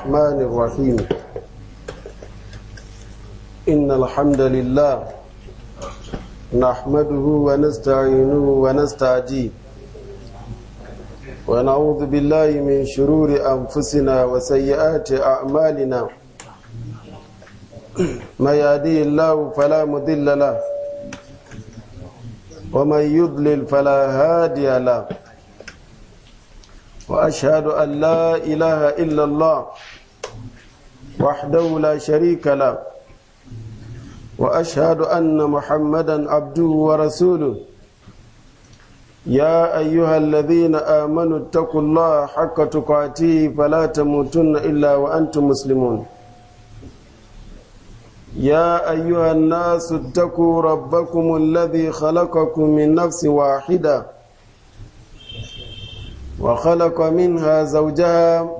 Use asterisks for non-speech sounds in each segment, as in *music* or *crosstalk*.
الرحمن الرحيم إن الحمد لله نحمده ونستعينه ونستعجيه ونعوذ بالله من شرور أنفسنا وسيئات أعمالنا ما يهدي الله فلا مضل له ومن يضلل فلا هادي له وأشهد أن لا إله إلا الله وحده لا شريك له واشهد ان محمدا عبده ورسوله يا ايها الذين امنوا اتقوا الله حق تقاته فلا تموتن الا وانتم مسلمون يا ايها الناس اتقوا ربكم الذي خلقكم من نفس واحده وخلق منها زوجها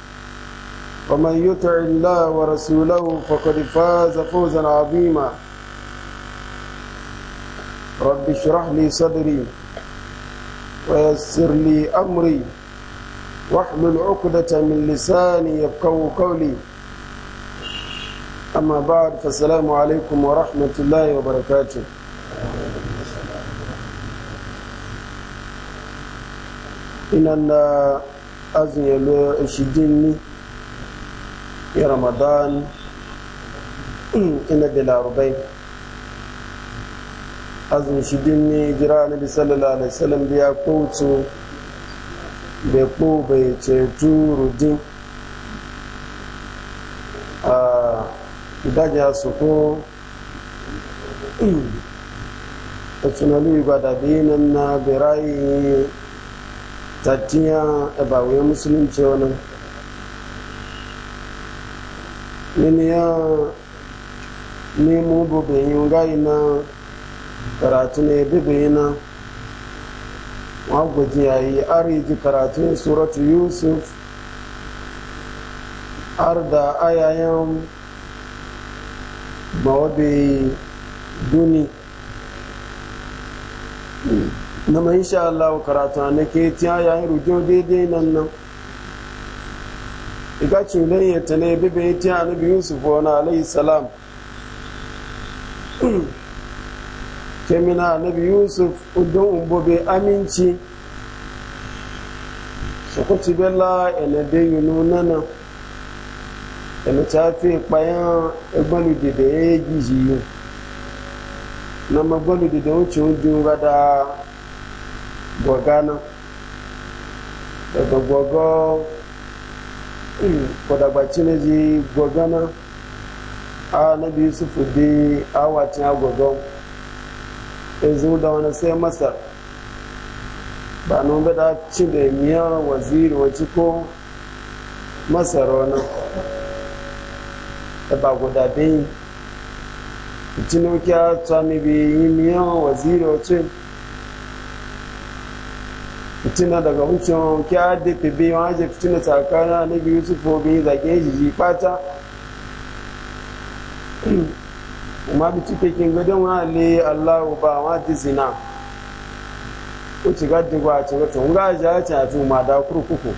ومن يطع الله ورسوله فقد فاز فوزا عظيما رب اشرح لي صدري ويسر لي أمري واحلل عقدة من لساني يفقه قولي أما بعد فالسلام عليكم ورحمة الله وبركاته إن أنا أزن يلو ya ramadan ina da larubai azumi shi dinne jira na bi sallallahu alaihi biya kowace bai ko bai ceto rudin a daga su ko a tunanin gwadabi nan na birayi tattiya ebawiyar musulunci wani mini ya nemo bobeyin gayi na karatu ne bibiyi na wagwaji ya yi ariji karatun suratu yusuf har da ayayen mawabe duni na mai insha Allah karatu na ke tiya yayin rujo daidai nan nan iga culen ta ne bibe ya tiya annabi yusuf wani alayhi salam kemina annabi yusuf udon umbobe aminci su kuci bela elebe yunu nana ẹnu tí a fi payan ẹgbọ́nù dìde yééjì yìí na ma gbọ́nù dìde ó tí ó dùn rádá gbọ̀gá náà gbọ̀gbọ̀gbọ̀ kodagbaci na ji gwagana a na biyu su fude awacin agwagon yanzu e da wani sai masar ba nun gada ci da miya waziri wacce ko masar wani da e ba guda bayi cinukiya tsami biyu miya waziri wacce fitina daga wucin kya da fibe wa haje fitina tsakanin biyu sufo bin zage shi ji fata kuma bi cike kin gudun wa le allah ba wa ti zina ko ci gaddi ba ci ga tun ga ja ta tu ma da kurkuku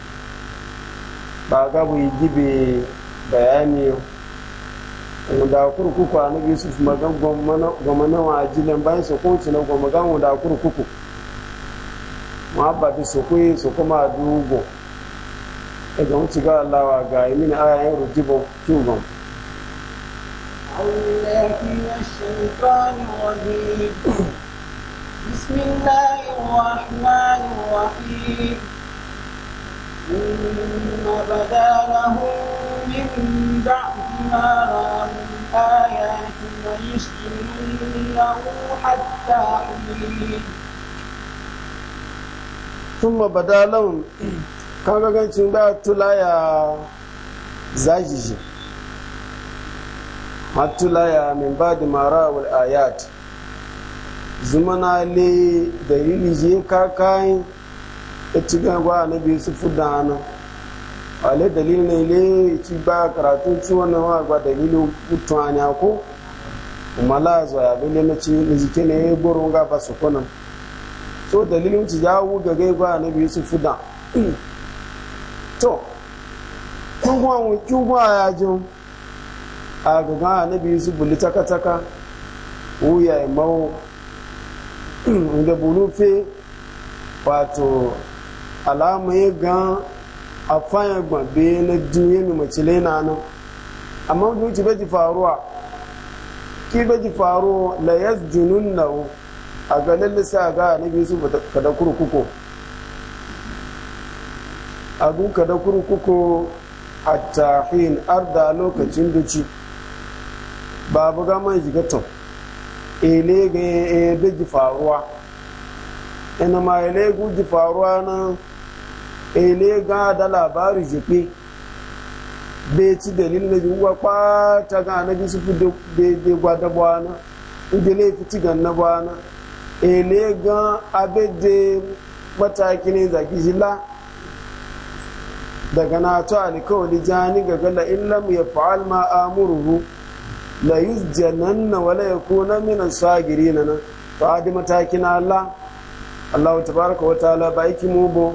ba ga bu gibe bayani da kurkuku annabi yusuf magan gwamna gwamna wa ajilan bayan sa ko ci na gwamna da kurkuku wọn bá fi sòkó yìí sòkó máa dúró gbọ ẹgbẹ wọn ti gbá aláwa ga èmi ní ara ẹrù dìbò kí wọn. بسم الله الرحمن الرحيم ثم بدا لهم من بعد ما رأوا آياتنا يسجنونه حتى sun ma bada laun kagagancin ba tula ya zajiji hatula ya min ba da mara wal ayat zumana le dalili je kakayin ita gangwa na biyu su fuda ana ale dalili ne le ci ba karatun ci wannan wa ba dalilin mutuwa ne ko kuma la zuwa ya bi ne na ci ne ya gurunga ba su kunan so dalilin wuce ya wu ga gaiba na biyu su fuda to kun kuma wuki kuma ya ji a gaga na biyu su buli taka-taka wuya ya mawo da bulufe wato alama ya gan a fayan gbabe na duniya mai macile na nan amma wuce bai ji faruwa ki bai ji faruwa la yas junun na a ga lissa ga a ga su yusuf kada kurkuku a gun kada kurkuku a tahin arda lokacin duci babu gama jigaton ele ga ebe ji faruwa ina ma ele gu ji faruwa na ele ga da labari jipe bai ci dalilin da yiwuwa kwata ga annabi su fi da gwada bwana inda laifi ci ganna bwana ele gan abede mataki ne zaki jila daga na to alikawali jani gaga la illam ya fa'al ma amuruhu la yusjananna wa la yakuna min as-sagirin na to adi mataki na Allah Allah tabaaraka wa ta'ala yake mu bo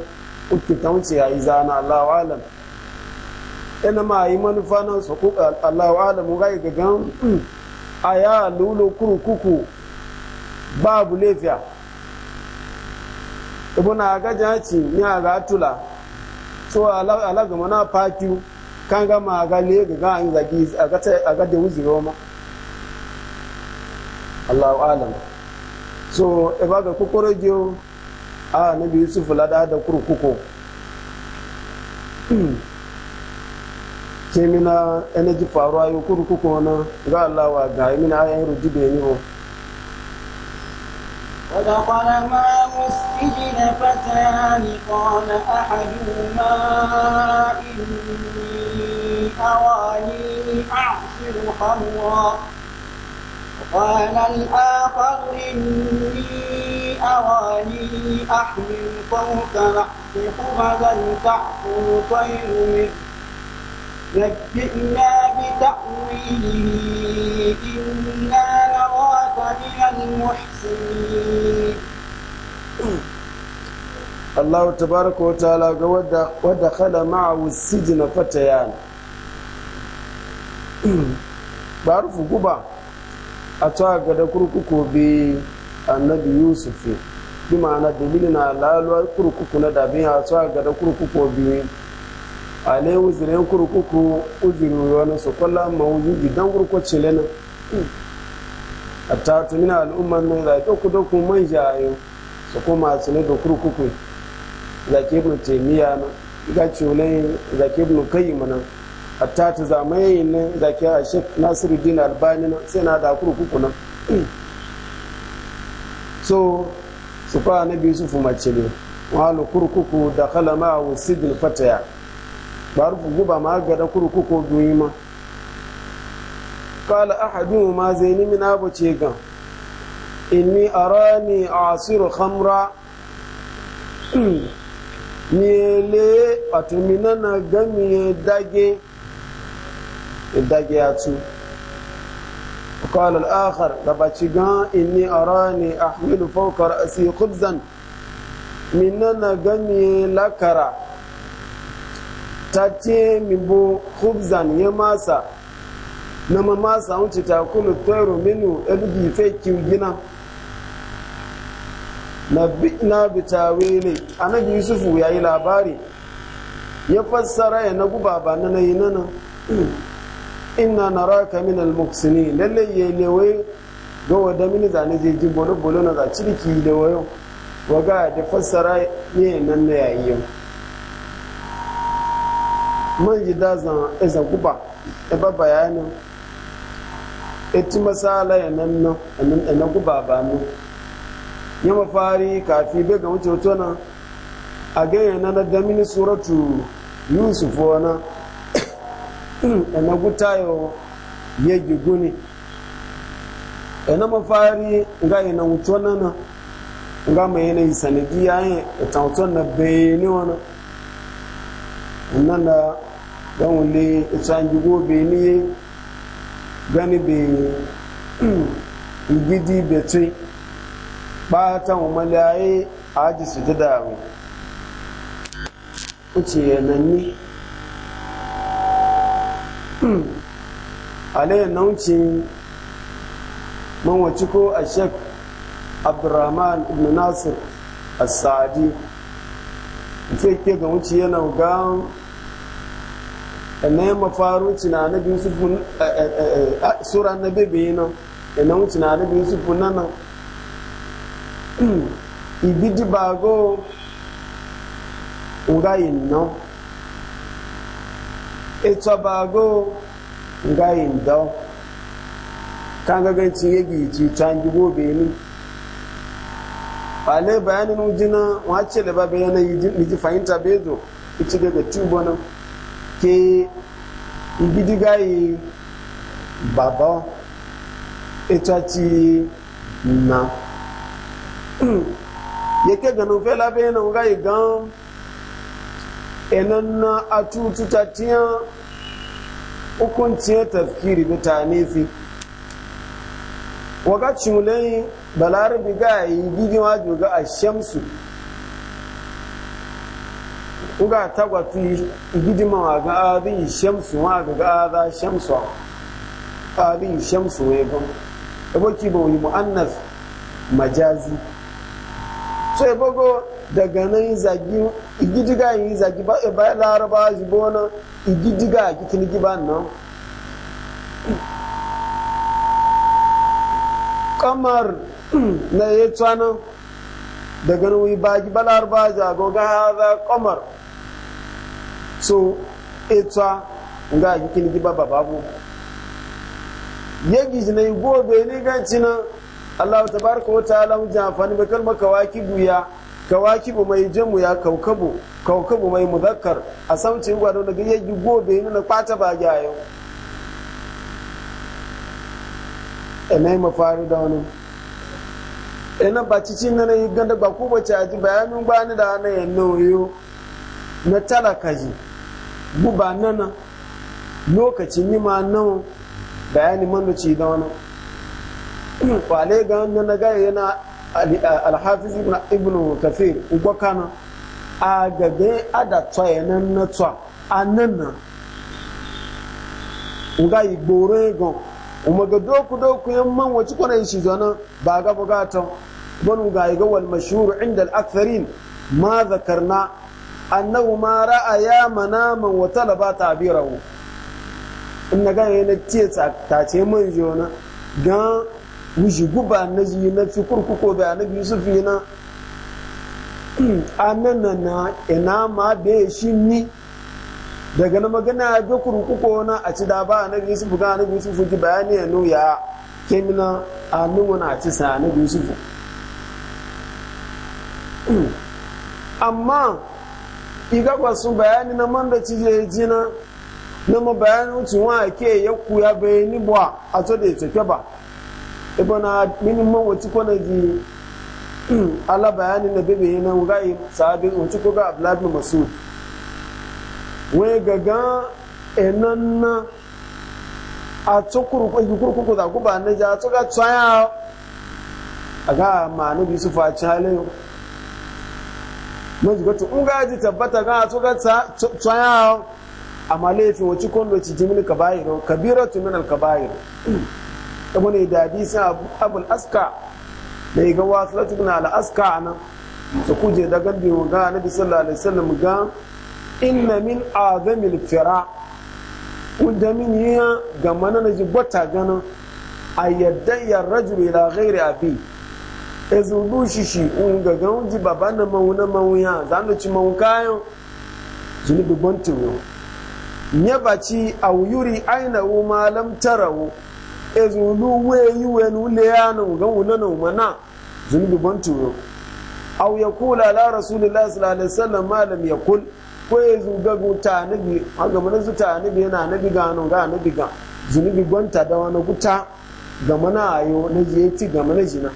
uki tawce ya izana Allah wa alam ina ma yi manufa nan su ku Allah wa alam ga gan *clears throat* aya lulu kurkuku babu lafiya ibuna aga jaci ni aga tula so ala ga mana pakiu kan ga ma aga le ga ga an zagi aga ta aga da wuziro ma Allahu alam so ibaga e kokoro jo a nabi yusuf lada da kurkuko ke mina energy faruwa yi kurkuku na ga Allah wa ga mina ayan rujibe ni ho ودخل معه السجن فتيان قال أحدهما إني أراني أعصر خمرا وقال الآخر إني أراني أحمل فوق رأس حبلا تأكل طير منه نبئنا بتأويله إنا نراك من المحسنين الله تبارك وتعالى ودخل معه السجن فتيان بعرف قبا أتاك دكركك بالنبي يوسف بمعنى دليلنا لا لا كركك بها أتاك دكركك بي ale uzire kurkuku uziru wani su kwalla ma wuzi gidan kurko cile a ta tumina al'ummar nan za ki ku doku man jayo su kuma su ne da kurkuku za ki ibn taimiya na ga cule za ki ibn kayyima na a ta ta zamaye ne za ki a shek dina albani na sai na da kurkuku na so su kwa na biyu su fumace ne wahalu kurkuku da kalama wa sidil fataya bari ku ba ma gada kurku ko duyi ma kala ahadu ma zai nimi na ce gan inni a rani a asiru hamra miyele *clears throat* wato minana gami dage dage atu kala al'akhar da baci gan inni a rani a hamilu fauka ra'asi khubzan minana gami lakara ta ce mimbo hubzan ya masa na ma masa wuce ta kulu tsoro minu ɗargi fai gina na bitawe ne annabi yusufu ya yi labari ya fassara ya nagu baba na na yi nana ina na ka min almuksini lallai ya yi lewe ga wadda mini zane zai ji bolo-bolo na za ciriki da waga da fassara ne nan na yayi yau man ji da zan iza guba da e ba bayanin e ita masala ya nan nan e na guba ba nu ya mafari kafi bai ga wuce wato nan a ganye na na gamini suratu yusuf wana da *clears throat* na guta yau ya gigu ne da na mafari ga yana wuce wannan ga mai yanayi sanadiyya ya ta wato na bayani wannan nana don wule itsanji gobe ni gani be igidi *clears throat* beti bata umalaye aji su ta damu uce yananni na naucin manwaci ko a shek abdurrahman ibn nasir as-sadi fake ga wuce yana ga na yamma faru cina na biyu su sura na bebe na na wuce na biyu su funa na eh, eh, eh, ah, bago hmm. nga inno ito bago nga indo kan gaganci yagi ji tangi ale bayanin jina wace da babu yanayi miji fahimta bezo ita daga tubonin ke ibidigayi baba ita ci na *clears throat* yake ganin fela bayanin gayi gan enan na atututa tiyan hukunciyar tafkiri da tanifi wakacin lai balarabi ga yi gidi wa joga a shamsu uga tagwatu gidi ma wa ga adi shamsu wa ga ga ada shamsu adi shamsu we gon ebo ki bo yi muannas majazi so ebo go daga nan yi zagi gidi ga yi zagi ba ba laraba ji bona gidi ga kitin gi ban nan kamar na ya tsana da ganin ba gi balar ba ja go ga hada qamar so etsa nga gi kin gi baba babu na yi gobe ni ga cina Allah tabaraka wa ta'ala mu jafani ba kalma kawaki buya kawaki bu mai jamu ya kaukabu kaukabu mai muzakkar a samcin gwado daga yegi gobe ni na kwata ba ga yau enai mafari da wani ina ba cikin nana yi ganda ba ko ba aji bayanin ba ni da hana yan nauyo na talaka ji guba nana lokacin ni ma nawa bayani man da ci da wani *clears throat* kwale ga nana ga yana alhafiz ibn ibn kafir ugwa kana a gabe ada yana nan na a na igboro egon umaga doku doku yamman wace yin shi zanen ba ga bugatan wani ga ga wal mashuru inda al ma zakarna annahu ma ra'a ya manaman wa talaba tabirahu in na gane na ce ce man jona ga wuji guba na ji na fi kurkuko da yusuf yana annan na ina ma ya shi ni daga na magana ga kurkuku na a ci da ba na yusuf ga na yusuf ji bayani ya nu ya kemina a nuwa na ci sa na yusuf amma iga ba sun bayani na man da cije jina na ma bayani wucin wa ke ya ya bayani ba a to da ya tafi ba ibana e minimman wacce kwana ji *clears throat* ala bayani na bebe na wuga sahabin wacce ko ga abdullahi masud wai gaga enan na a kurkuku da ku ba na ja to tsaya a ga ma bi su faci halin mun jiga to in ga ji tabbata ga to tsaya a laifin wacce kondo ci jimin kabairu kabiratu min tumin kabairu ta ne dadi hadisin abul aska da ya ga wasu latin al aska nan su kuje da gandun ga nabi sallallahu alaihi wasallam ga inna min azamil fira wanda min yiya ga mana na jibbata gana a yadda ya rajul ila ghairi abi e zubu shi shi un ga ga ji baba na mauna mauya za mu ci maun kayan jini bi bontin yo nya baci aw yuri aina wu ma lam tarawu e zulu we yi we nu le ya na ga wuna na mana zuni bi bontin yo aw kula la rasulillah sallallahu alaihi wasallam ma lam yaqul ko ya zuga guta nabi a na zuta nabi yana nabi gano ga nabi ga zunubi gwanta da wani guta ga mana ayo na je ti ga mana jina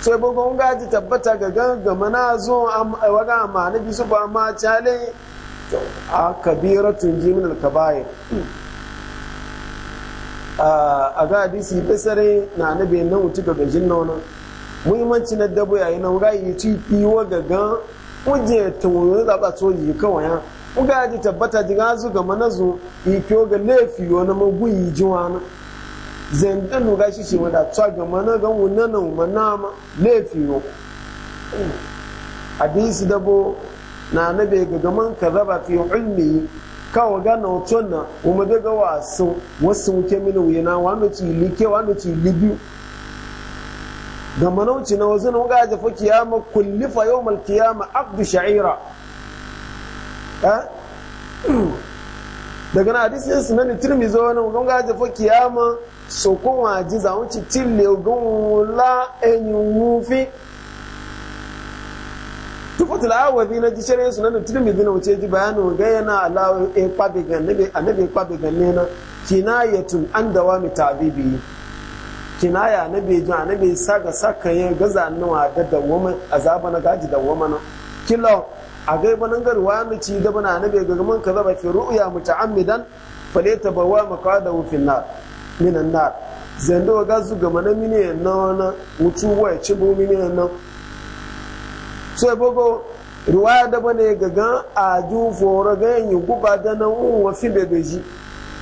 sai bugu gon gaji tabbata ga ga mana zo waga amma nabi su ba ma chale a kabiratun jimin alkabaye a ga hadisi basare na nabi nan wuce ga gajin nan muhimmanci na dabo yayi nan ga yi ci iwa ga gan kuje tuwo da ba to yi kawai kuga ji tabbata ji ga zu ga manazu yi ga lefi yo na magu yi wani zendan ga shi shi wanda tsa ga mana ga wannan na mana ma lefi yo dabo na nabe ga gaman karaba fi ilmi kawo gana otona umade ga wasu wasu ke mini wuyana wanda ci like wanda ci libiyu ga manauci na wazin wuga ya fa kiyama kullifa yau yawmal kiyama abdu sha'ira daga na hadisi yin sunan zo wani wuga ya fa kiyama so kun waji za wuce tille gun la enyu mufi tufatul awazi na jishirin sunan tirmizi zina wuce ji bayanin ga yana alawo e kwabe ga annabi kwabe ga nena kinayatun an dawami tabibi kinaya na bai jin na bai saka saka ya gaza nawa da dawama azaba na gaji dawoma na kilo a gai banan garwa mu ci da bana na bai ga man kaza ba fi ru'ya fale ta bawa maqadahu fil nar minan nar zendo ga zu ga mana mine na na mutu wa ci bu mine na so bogo ruwa da bane ga ga aju foro ga yin guba da nan wa fi bebeji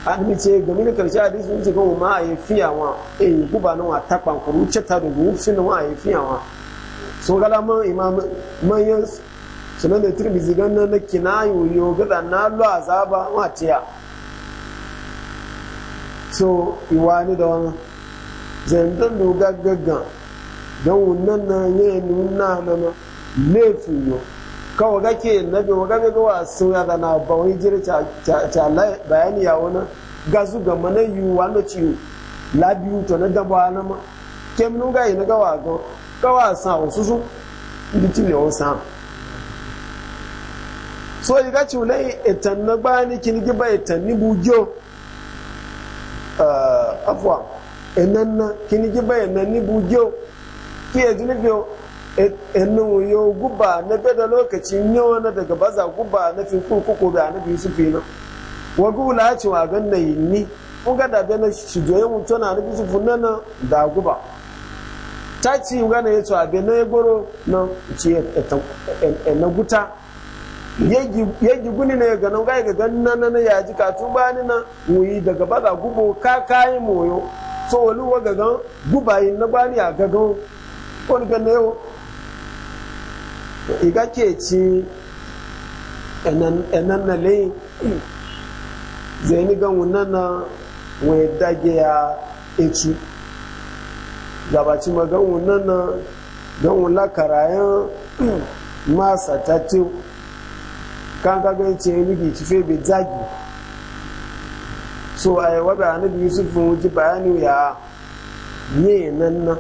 admi ce game da karshe hadisi mun ce ko ma yi fiyawa eh guba nan wa ta kuru ce ta da gubu fin a wa ayi fiyawa sun gala man imam man yan sunan da tirmizi gan na kinayu yo gada na lo azaba wa tiya so iwani da wani zandan do gaggagan don wunan na yi nuna na laifin yo kawo gake na bi wa bi gawa sun ya zana ba wani jiri ta bayani ya wani gazu ga mana yi wa na ciwo labiyu to na daba na ma Ke kem nun gayi na gawa ga gawa sa wa su ibi tile wasu sa so yi gaci wula itan na bani kin giba itan ni bujo eh, Afuwa, enan na kin giba enan ni bujo ki ya jini biyo inu yau guba na gada lokacin yawa na daga baza guba na fi kurkuku da na biyu sufi na wagu la ci wa gan na yi ni kun gada da na shi doye mun tona na biyu sufi na da guba ta ci ya na wa bai na ya goro na ci na guta yagi guni na ya ga nan ga gan na na ya ji ba ni na muyi daga baza gubo ka kayi moyo so wani wa gagan guba yi na bani a gagan wani gan na yau iga ke ci enan na lai zai dage ya etu gabaci ma gan wunan na gan wula karayen masa ta te kan kaga ya ce ni ci zagi so a yi wabe anabi yusuf wuji bayani ya nye nanna,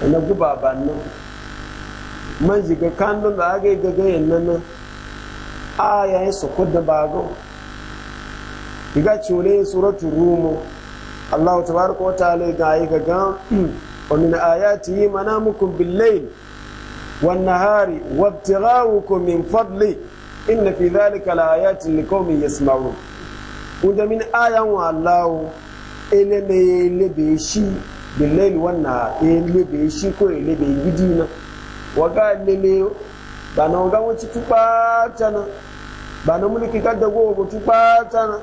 na na guba ba man shiga kanun da aga ga ga yannan nan a yayin ba ga bago diga yin suratu rumu Allah tabaraka ta lai ga yi *clears throat* aya ga yi mana muku billai bil hari wan nahari ko min fadli inna fi zalika la ayatin liqaumin yasma'un min ayan wa Allah ele lebe shi billai layl ilebe shi ko ele gidi na waga lele ba na waga bana tuba tana ba na mulki kada go go tuba tana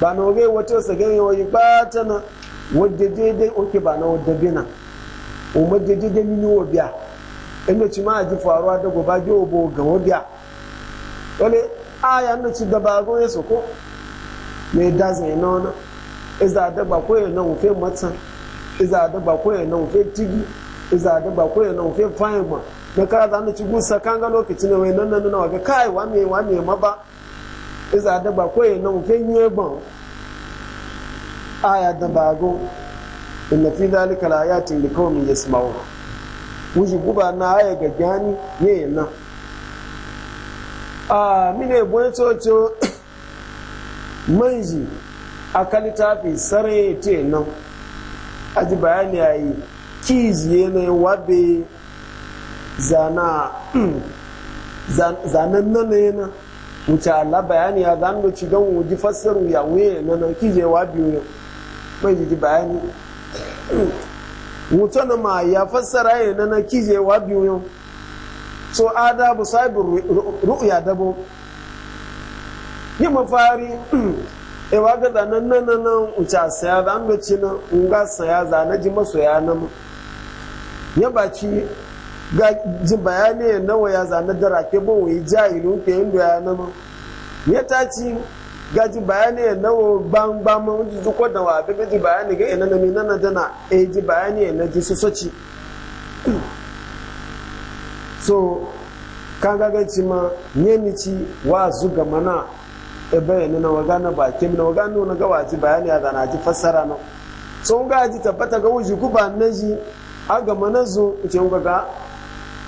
ba na waga wato sa ganye wayi ba tana wadda daidai oke ba na wadda bina o madda daidai mini wo biya inda ci ma ji faruwa da goba ji obo ga wo biya wale aya na ci da bago ya soko me da zai na wani iza da ba koyo na wufe matsan iza da ba na wufe tigi iza da ba na wufe fahimma na kara za ci gusa kan ga lokaci na wainan nan waga kai wa me wa me ma iza da ba ko yana mu ken yi ban aya da bago inna fi zalika la ayatin li wuji guba na aya ga gani ne nan *clears throat* a mine bon cocho manji akali tafi sare te nan aji bayani ayi kizi ne wabe zanen na ne na wuce allah bayani ya zan da ci gan wuji fassaru ya wuye na na wa biyu ne mai jiji bayani wuce na ma ya fassara ya na na wa biyu ne so adabu saibin ru'ya dabo yi mafari ewa ga zanen na na na wuce saya zan ci na nga saya zane ji masoya na mu ba baci ga ji bayani nawa ya zane da rake ba wai jahilu ke yin bayana ma ya ta ci ga ji bayani nawa ban ba ma wuji ji da wa bi ji bayani ga ina na nana dana e ji bayani na ji su soci so kan ga ci ma nyeni ci wa zu ga mana e bayani na waga na bakin na waga na ga waji bayani ya zana ji fassara na so ga ji tabbata ga wuji ku ba na ji a ga mana zo ce ga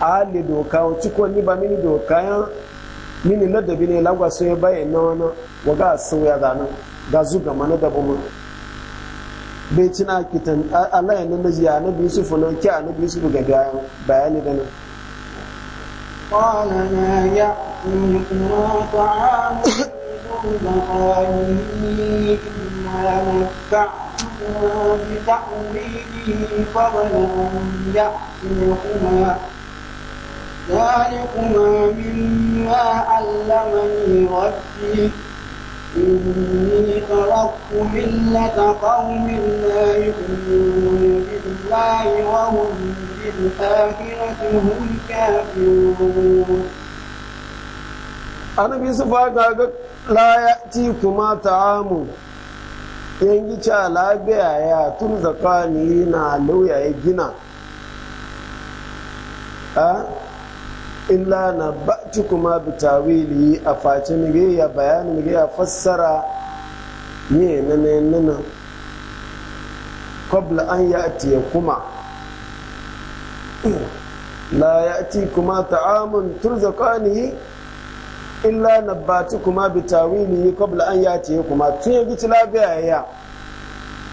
a le doka wacce ko ni ba mini doka yan mini ladabi ne lagwa ya bayan na wani ga sun ya zana ga zuga mana da bumu bai cin akitan Allah na jiya na biyu sufu na ki a na biyu sufu ga bayani da nan قال ما يأتيكما طعام ka إلا متعتما بتأويله قبل أن يأتيكما ذلكما مما علمني ربي إني تركت ملة قوم لا يؤمنون بالله وهم بالآخرة هم كافرون annabi ga ya ci kuma ta'amu yanki ci alabiya ya tun zakani na lauya ya gina illa na ba'ti kuma bi tawili a face nige ya bayani nige ya fassara ne na nan qabla an ya'ti kuma la ati kuma ta'amun turzaqanihi illa na ba'ti kuma bi tawili qabla an ya'ti kuma tun ya gici labiya ya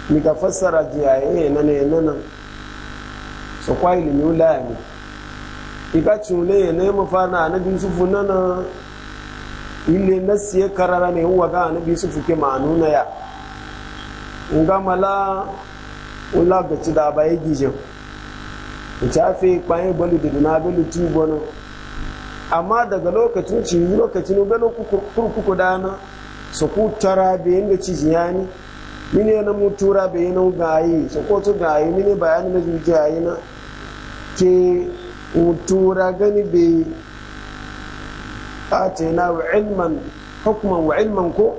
ni ka fassara jiyaye ne na nan su kwa ilimi wula ne iga cule ya ne mafa na anabi yusufu na na ile na siye karara ne huwa ga anabi yusufu ke ma na ya nga mala ula ga ci da baye gijin ku tafe kwaye balu da na balu tubo na amma daga lokacin ci lokacin balu kurkuku dana su ku tara da yanda ci jiyani mine na mutura bai na gayi su ko to gayi mine bayani na jujayi na ke tura gani be na wa ilman hukman wa ilman ko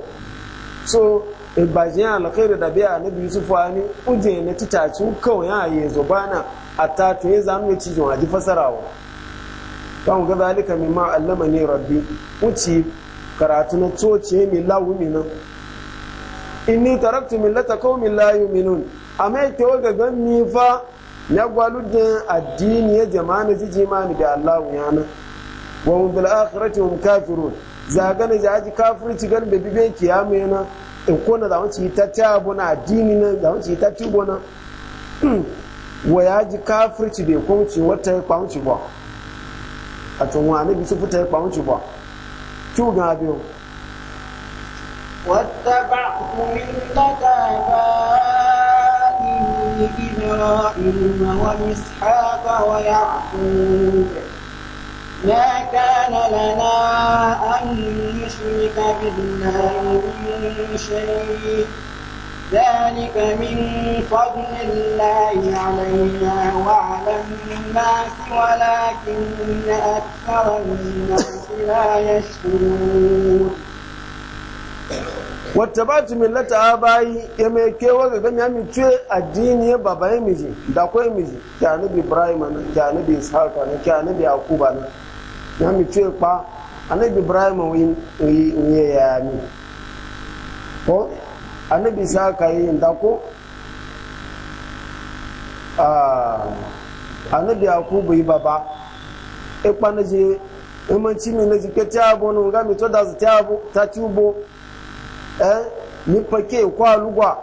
so ibajin e alkhairu da biya na biyu sufuwa ne uje na titaci kawai ya yi zubana a tatu ya zama ya cijin waji fasarawa kan ga zalika mimma allama ne rabbi uci karatu na coci mai lawu minan inni taraktu millata qaumin la yu'minun amma yake wa ga gan mi fa na da addini ya jama'a na jiji mani da Allahu ya na. wa hum bil akhirati hum kafirun zaga na jaji kafirci gan be bibe kiyamu yana in ko na zamu ci ta ta bona addini na zamu ci ta ci bona *clears throat* wa yaji kafirci be ko ci wata kwanci ba a tun wa ne bi su fita kwanci ba tu ga biyo واتبعت ملة آبائي إبراهيم وإسحاق ويعقوب ما كان لنا أن نشرك بالله من شيء ذلك من فضل الله علينا وعلى الناس ولكن أكثر الناس لا يشكرون wattabatu millata abayi ya mai kewa ga gami ami ce addini ya baba ya miji da kwai miji ki annabi ibrahim na ki annabi ishaq na ki annabi yakuba na ya mi ce pa annabi ibrahim wi wi ya mi ko annabi ishaq yi da ko ah annabi yakuba yi baba e pa na je imanci e mi na je ke ti abu nu ga mi to da ti abu ta ti ubo Eh, ni fake kwa lugwa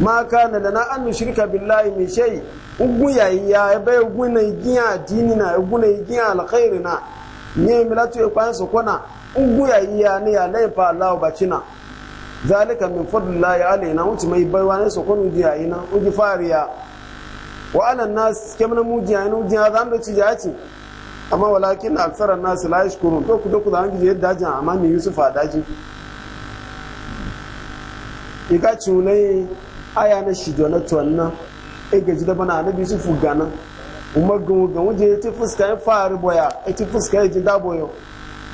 ma da na annu shirka billahi mai shai. ugu ya ya bai ugu na igiya dini na ugu na igiya alkhairi na ni latu e kwa so kona ugu ya ya ne ya lai fa Allah bacina zalika min fadlillahi alaina wuce mai baiwa ne so kona ugi yayin ina ugi fariya wa ala nas kemna muji yayin ugi ya zan da ci ya ci amma walakin aksara nas la yashkurun to ku da ku da hangi yadda jan amma ni Yusuf a daji iga cunai aya na shido na tuwanna ji daba na anabi su fugana kuma gungun wuje ti fuska ya fari boya ti fuska ya ji daboyo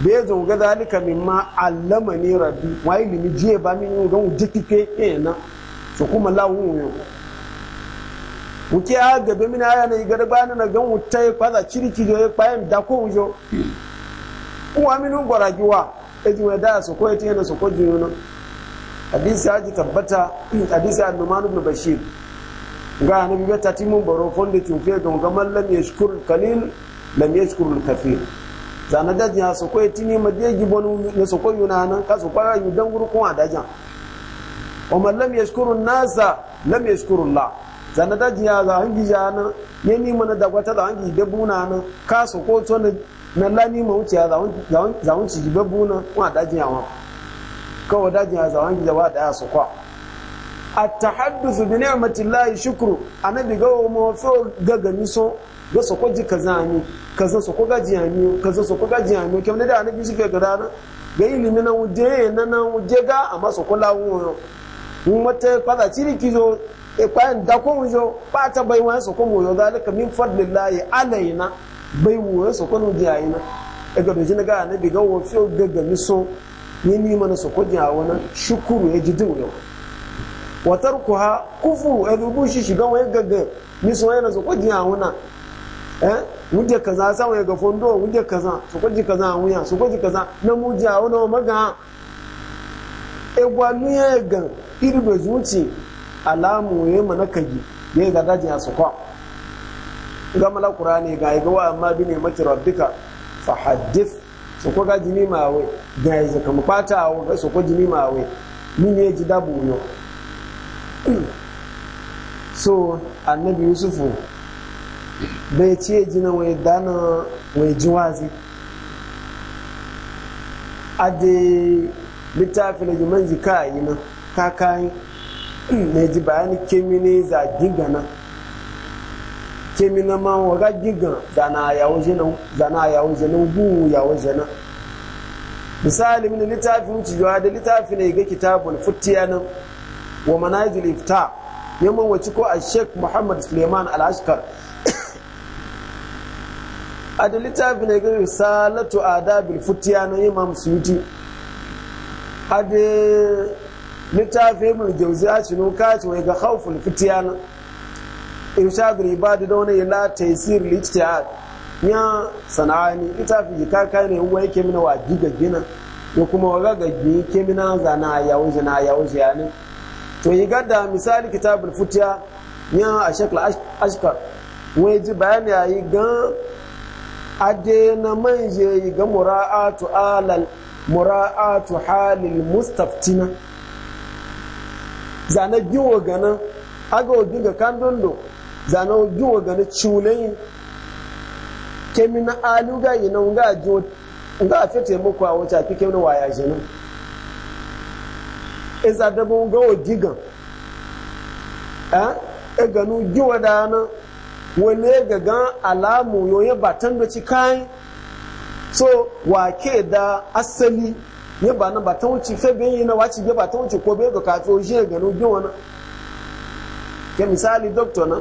da ya zunga zalika min ma allama ne rabbi wa ilimi jiye ba min yi gan ji tike ina su kuma lawun yau wuke ya gabe min aya na iga daba na gan wuta kwaza ciriki ya kwayan da ko wujo min gwaragiwa ejin wa da su ko ya tiyana su ko jiyo na hadisi ya ji tabbata hadisi ya numan ibn bashir ga hannun biyar ta timon baro fonda tufe don ga mallam ya shukur kalil lam ya shukur kafir zana dajin ya so ya tini ma dai gibon ne so yuna nan ka so ya yi dan gurkun kuma dajin wa mallam ya shukuru nasa lam ya shukuru la zana dajin ya za hangi ya nan ya ni na dagwata da hangi dabu na nan ka so to na lani ma wuce za za wuce gibe kuma dajin ya kawai dajin a zawon gizaba da ya su kwa a ta haddusu bi a layi shukuru a na biga wa mafi gagami so ga su kwa ji ka zani ka zan su kwa gaji hannu ka zan su kwa gaji kyau kemgbe da bi su ke gada na ga ilimi na wuje na na wuje ga a masu kula wuyo mun mata kwada ciri zo e kwayan da ko wujo ba ta bai wa su ko wuyo zalika min fadlillahi alaina bai wuyo su ko wuje yi e ga dojin ga anabi ga wa fi gagami so yini mana su kujin a wani shukuru ya ji din yau watar ku ha kufu ya zubu shi shiga wani gaggai nisan wani na su kujin a wani eh wuje kaza sama ya ga fondo wuje kaza su kuji kaza a wuya su kuji kaza na muji a wani maga egwalu ya ga iri bai zuci alamu ya mana kagi ya yi gagajin a su kwa gamala kurani ga yi gawa amma bi ne mace rabbika fa haddith soko ga jini mawe ga izo kamu kwata awo ga soko jini mawe mini ne ji dabu yo *clears throat* so annabi yusufu bai ce jina wai dana wai jiwazi ade littafi da jiman jika yi nan kakayin *clears throat* na ji bayani kemini za gigana kemi na ma waga gigan zana yawo yawon zana yawo yawon bu yawo misali mini littafi wuce yawa da littafi ne ga kitabun futtiya nan wa manazil ifta yamman wace ko a sheikh muhammad suleiman al-ashkar *coughs* a da littafi ne ga risalatu adabil futtiya nan imam suti a da littafi mai jauzi a cinuka wai ga haufin futtiya nan irshadu ba da wani ila taysir li ijtihad ya ne, ita fi kaka ne wa yake mina wa giga gina ya kuma wa gagagi ke mina zana ya na ya wuce ya ne to yi gada misali kitabul futiya ya a shekla ashkar wai ji bayani ya yi gan ade na manje yi ga mura'atu alal mura'atu halil mustaftina zana giwo ganin aga wa giga kan dondo zanen giwa gani culai kemi na aluga ina nga jo nga fe taimako a wuce fi kemi na waya jinin iza e da bon ga odigan eh e ganu giwa da na wale ga gan alamu yoye batan da ci kai so wa ke da asali ya ba na batan wuci fe yi na waci ye batan wuci ko be ga ka to ganu giwa na ke misali doctor na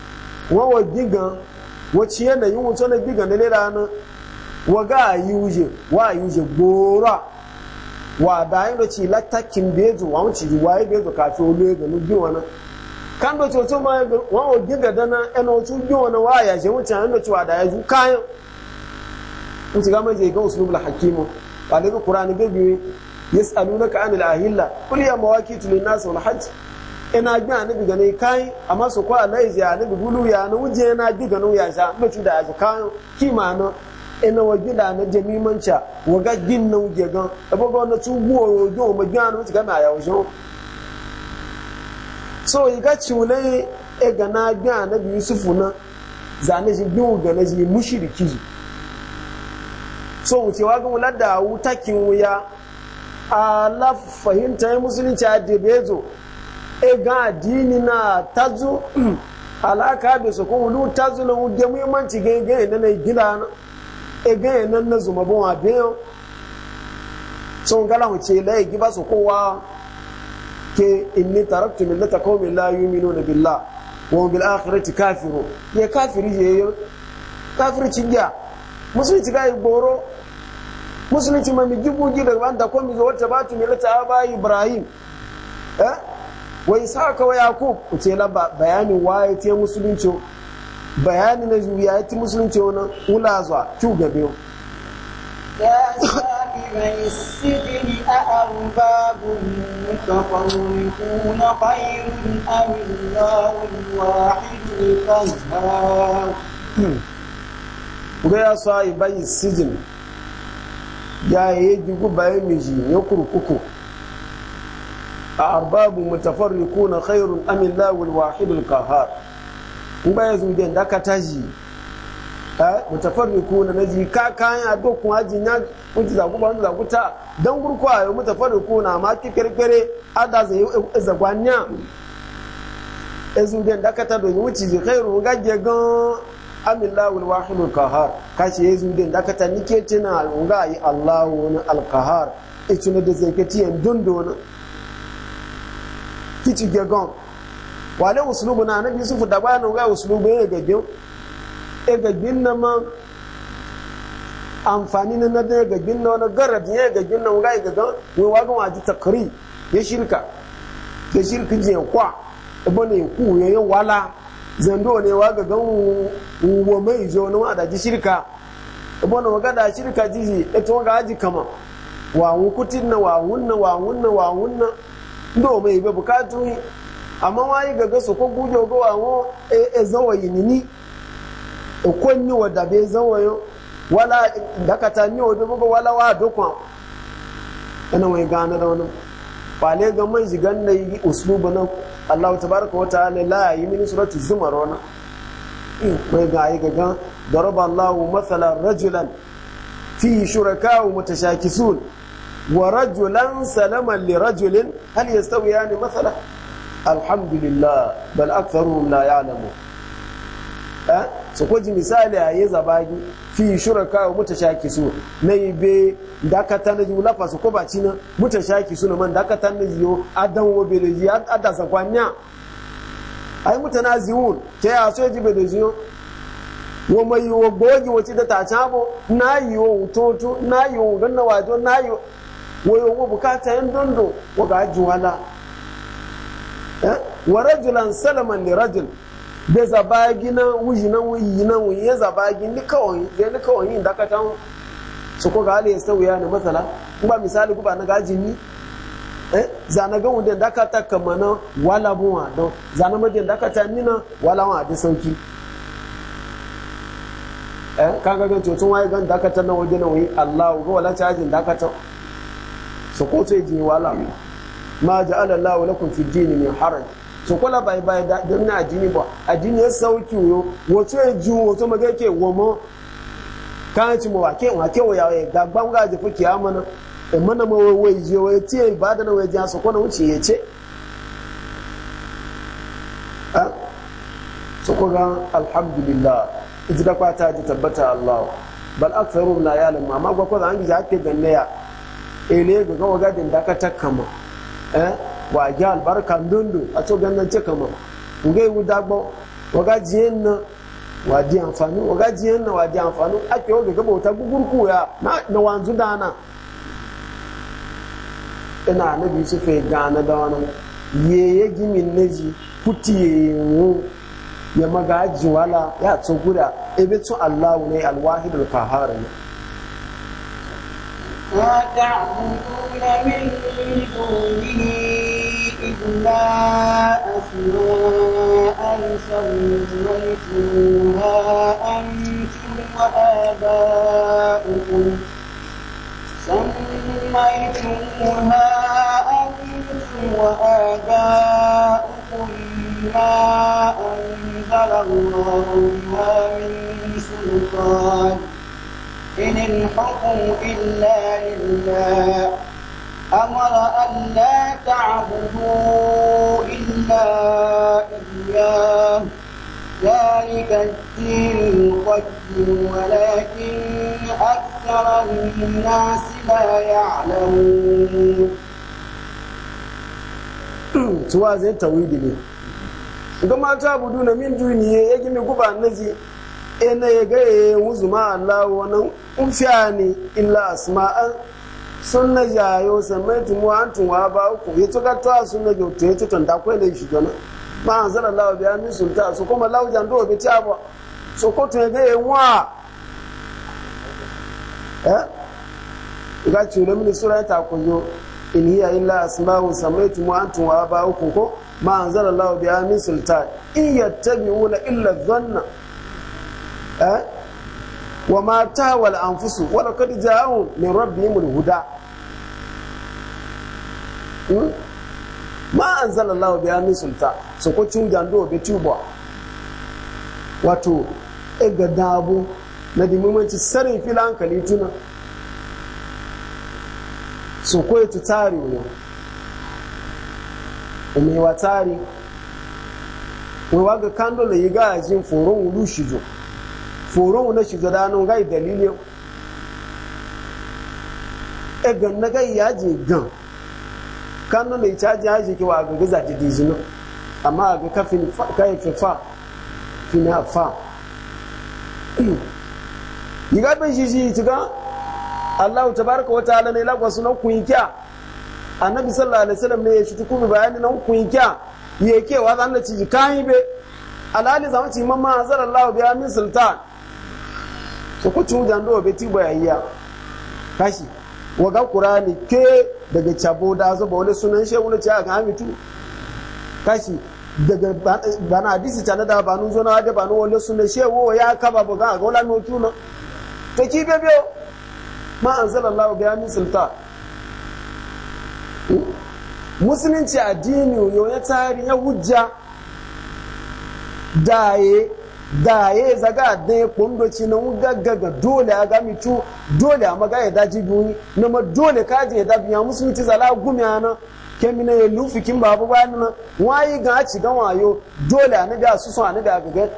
wawa gigan wacce yanayin wuce na gigan da lera na wa ga yi wuje wa a yi wuje gora wa da yin da ci latakin bezu wa wuce yi waye bezu kafin olu ya gano biyu wani kan da coco ma ya gano wawa giga na yana wuce biyu wani wa ya shi wuce hannun da ci wa da ya ju kayan wuce gama je ga usulubul hakimu ba da ga kurani bai biyu yas'alunaka anil ahilla qul ya mawaqitu lin nas wal hajj ina gbin anabi gani kai amma su kwa alaizi ya anabi bulu ya na wuje na bi gani ya sha mace da ya kayan kima na ina wa gida na jamimanca wa ga gin na wuje gan ebo ga wani tubuwa yoyo ma gbin anabi gana ya wuce so iga ciwulai e gana gbin bi yusufu na zane shi gbin gane shi mushiriki so wucewa ga wular da wutakin wuya ala fahimta musulunci a debezo ga addini na tazu alaka da su kuma lu tazu na wuge muhimmanci ga ga yana na gida na e ga yana na zuma bon abin sun gala mu ce la giba su kowa ke inni taraktu millata qaumi la yu'minuna billah wa bil akhirati kafiru ya kafiri je kafirci ya musulunci ga goro musulunci ma mi gibu gi da wanda ko mi zo wata batu millata aba ibrahim eh wai sa kawai wa ku ce la bayanin waye te musulunci bayani na ya ti musulunci wannan ula zuwa tu gabe ya sabirin sijini a arbabun hmm. ya Sijin, ya yi gubaye miji ya kurkuku أأرباب متفرقون خير أم الله الواحد القهار ba ya zuwa da ka taji mutafarriku na يدوك ka kayan a haji zaku ba wanda zaku ta dan gurkwa ya mutafarriku na ma ki kirkire ada zai zagwanya ya zuwa da ka ta domin wuce ji khairu gagge gan amillahu alwahidul qahar kace ya da ka ta nike alunga yi allahu alqahar da zai dundona kici gagan wale usulubu na anabi yusufu da bayan ga usulubu ya gaggen e ya gaggen na ma amfani na na ya gaggen na wani garadin ya gaggen na ga gaggen wai wagon waji takari ya shirka ya shirka je kwa ibo e ne ku ya yi wala zando ne wa gaggen wa mai jo na wada ji shirka ibo e na waga da shirka jiji ita ga aji kama wa hukutin na wa hunna wa hunna wa hunna ndo mai e, e, be bukatu amma wani gaga su ko guje ga wawo e zawayi ni? o wa wada bai zawayo wala dakata ni o buga wala wa dukwa ana wai gane da wani kwale ga mai zigan na yi uslubu nan Allah tabaraka wa ta'ala la yi mini surati zumar wani mai ga yi gaga daraba allahu matsalar rajulan fi shuraka wa mutashakisun wa rajulan salaman li rajulin hal yastawiyani mathala alhamdulillah bal aktharuhum la ya'lamu eh so ko ji misali a yi zabagi fi shuraka wa mutashaki su na yi be dakatan na jiwu lafa su ko ba cina mutashaki su na man dakatan na jiyo adan wa be da ji adda sakwanya ai mutana ziwun ke ya so ji be da jiyo wa mai yi wa gogi wace da ta cabo na yi wa wutoto na yi wa ganna wajo na yi wayowo bukata yan dondo wa ga wala eh? wa rajulan salaman li rajul da zabagi na wuji na wuyi na wuyi ya zabagi ni kawai ya ni kawai yin dakatan su ko ga halayen sauya ne matsala in ba misali ku ba na gaji ni eh zana ga wanda dakata kamana wala buwa don zana majin dakata ni na wala wa da sauki eh? kan ga to tun waye gan dakatan na waje na wuyi Allah ga wala cajin dakatan sokoto ya jini wala mu ma ja'ala wa lakum fi dini min haraj so kula bai bai da don na addini ba addini ya sauki yo wato ya ju wato ke wo mo kan ci mu wake wake wa yawe ga gbanga ji fuki amana e mana ma wai wai je wai tiye ibada na wai ja so kona wuce ya ce a so ko ga alhamdulillah idan kwata ji tabbata Allah bal aktharu la ya'lamu ma gwa ko an ji ake ganne ya ele ga gawa gadin da ka takama eh wa ji albarka dundu a to gangan ce kama ngai wuda gbo waga jiyen na wa di amfani waga jiyen na wa di amfani ke waga gaba wata gugurku ya na na wanzu dana ina na bi su fe gana da wani yeye gimin naji kuti mu ya magaji wala ya tsogura ebe tun allahu ne alwahidul kahara ne ما تعبدون من دونه إلا أسماء سميتموها أنتم وآباؤكم سميتموها أنتم وآباؤكم ما أنزل الله بها من سلطان إن الحكم إلا لله أمر أن لا تعبدوا إلا إياه ذلك الدين القيم ولكن أكثر الناس لا يعلمون tuwa zai tawidi ne ga mata abu duna min duniya ya gini guba nazi Ina ya gaya ya wuzu ma Allah wani umfiya ne illa asma'an sun na jayo sannan tumu an tunwa ba uku ya tuka ta sun na gyautu ya tutun da kwai da shi gana ma an zara lawa biya min sulta su kuma lawa jan dobe ta ba so ko tun ga ya wa eh ga da mini sura ta kunyo in hiya illa asma'u samaitum wa antum wa aba'ukum ko ma anzala Allahu biha min sultan in yattabi'una illa dhanna wa ma wal anfusu wa laqad ja'u min rabbihim al-huda ma Allah bi min sulta so ko chunga jando be tubwa wato e ga dabo na mumanci sarin filan hankali so ko yi tutari ne mai wa tari wai waga kandola yi ga ajin foron wulu shi jo foro na shiga ranar gai dalilin e gan na gai yaji gan kan na mai caji yaji kewa ga gaza da dizinu amma ga kafin kai fi fa fina fa *clears throat* yi gaɓe shi shi tiga Allah baraka wata ala ne lagos na kunkiya annabi sallallahu alaihi wasallam ne ya shi tukumi bayani na kunkiya yake wa zan da ci kayi be alali zama ci mamma azar Allah biya min sultan so ku ci hujan do be yi ya. kashi waga qur'ani ke daga cabo da zo ba wani sunan shehu ne ta ga hamitu kashi daga bana hadisi tana da banu zo na da banu wani sunan shehu ya kaba ba ga wala no tuna to ki be biyo ma anzalallahu bi amin sulta musulunci addini ne ya tsari ya hujja daye da ya zaga da ya kundoci na gaggaga dole a gami cu dole a maga ya daji biyu na ma dole kaji ya dabi ya musulunci zala gumi ana kemi na ya lufi kin babu ba na wayi ga ci ga wayo dole a nabi a susun a nabi a gaga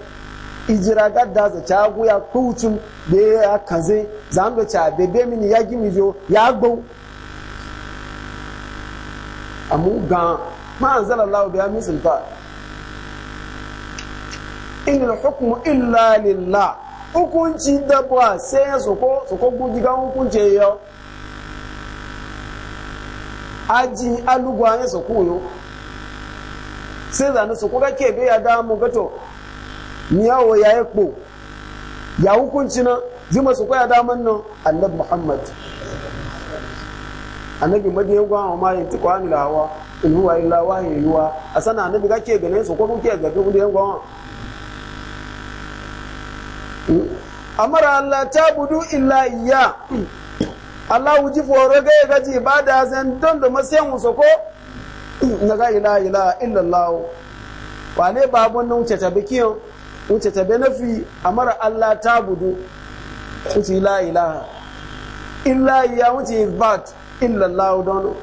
ijira gadda za ca ya kucin da ya kaze za mu a bebe mini ya gimi zo ya gbau amma ga ma'an biya misulta inil hukumu illa lilla hukunci dabuwa sai ya soko gudiga hukunce yo aji alugwa ne soko yau sai zane soko ga ke ya damu gato miyawo ya yi kpo ya hukunci na zima soko ya damu nan annabi muhammad annabi madiyan gwa wa mayin ti kwani lawa in huwa illa wahyi a sana annabi ga ke ganin soko kun ke ga gudiyan gwa amara Allah ta budu illa iya Allah wuji foro ga ya gaji ba da zan don da masayan wasu ko na ga ila ila illa Allah ba ne babun nan wuce tabi kiyo wuce tabi fi amara Allah ta budu wuce ila ila illa iya wuce bat illa Allah don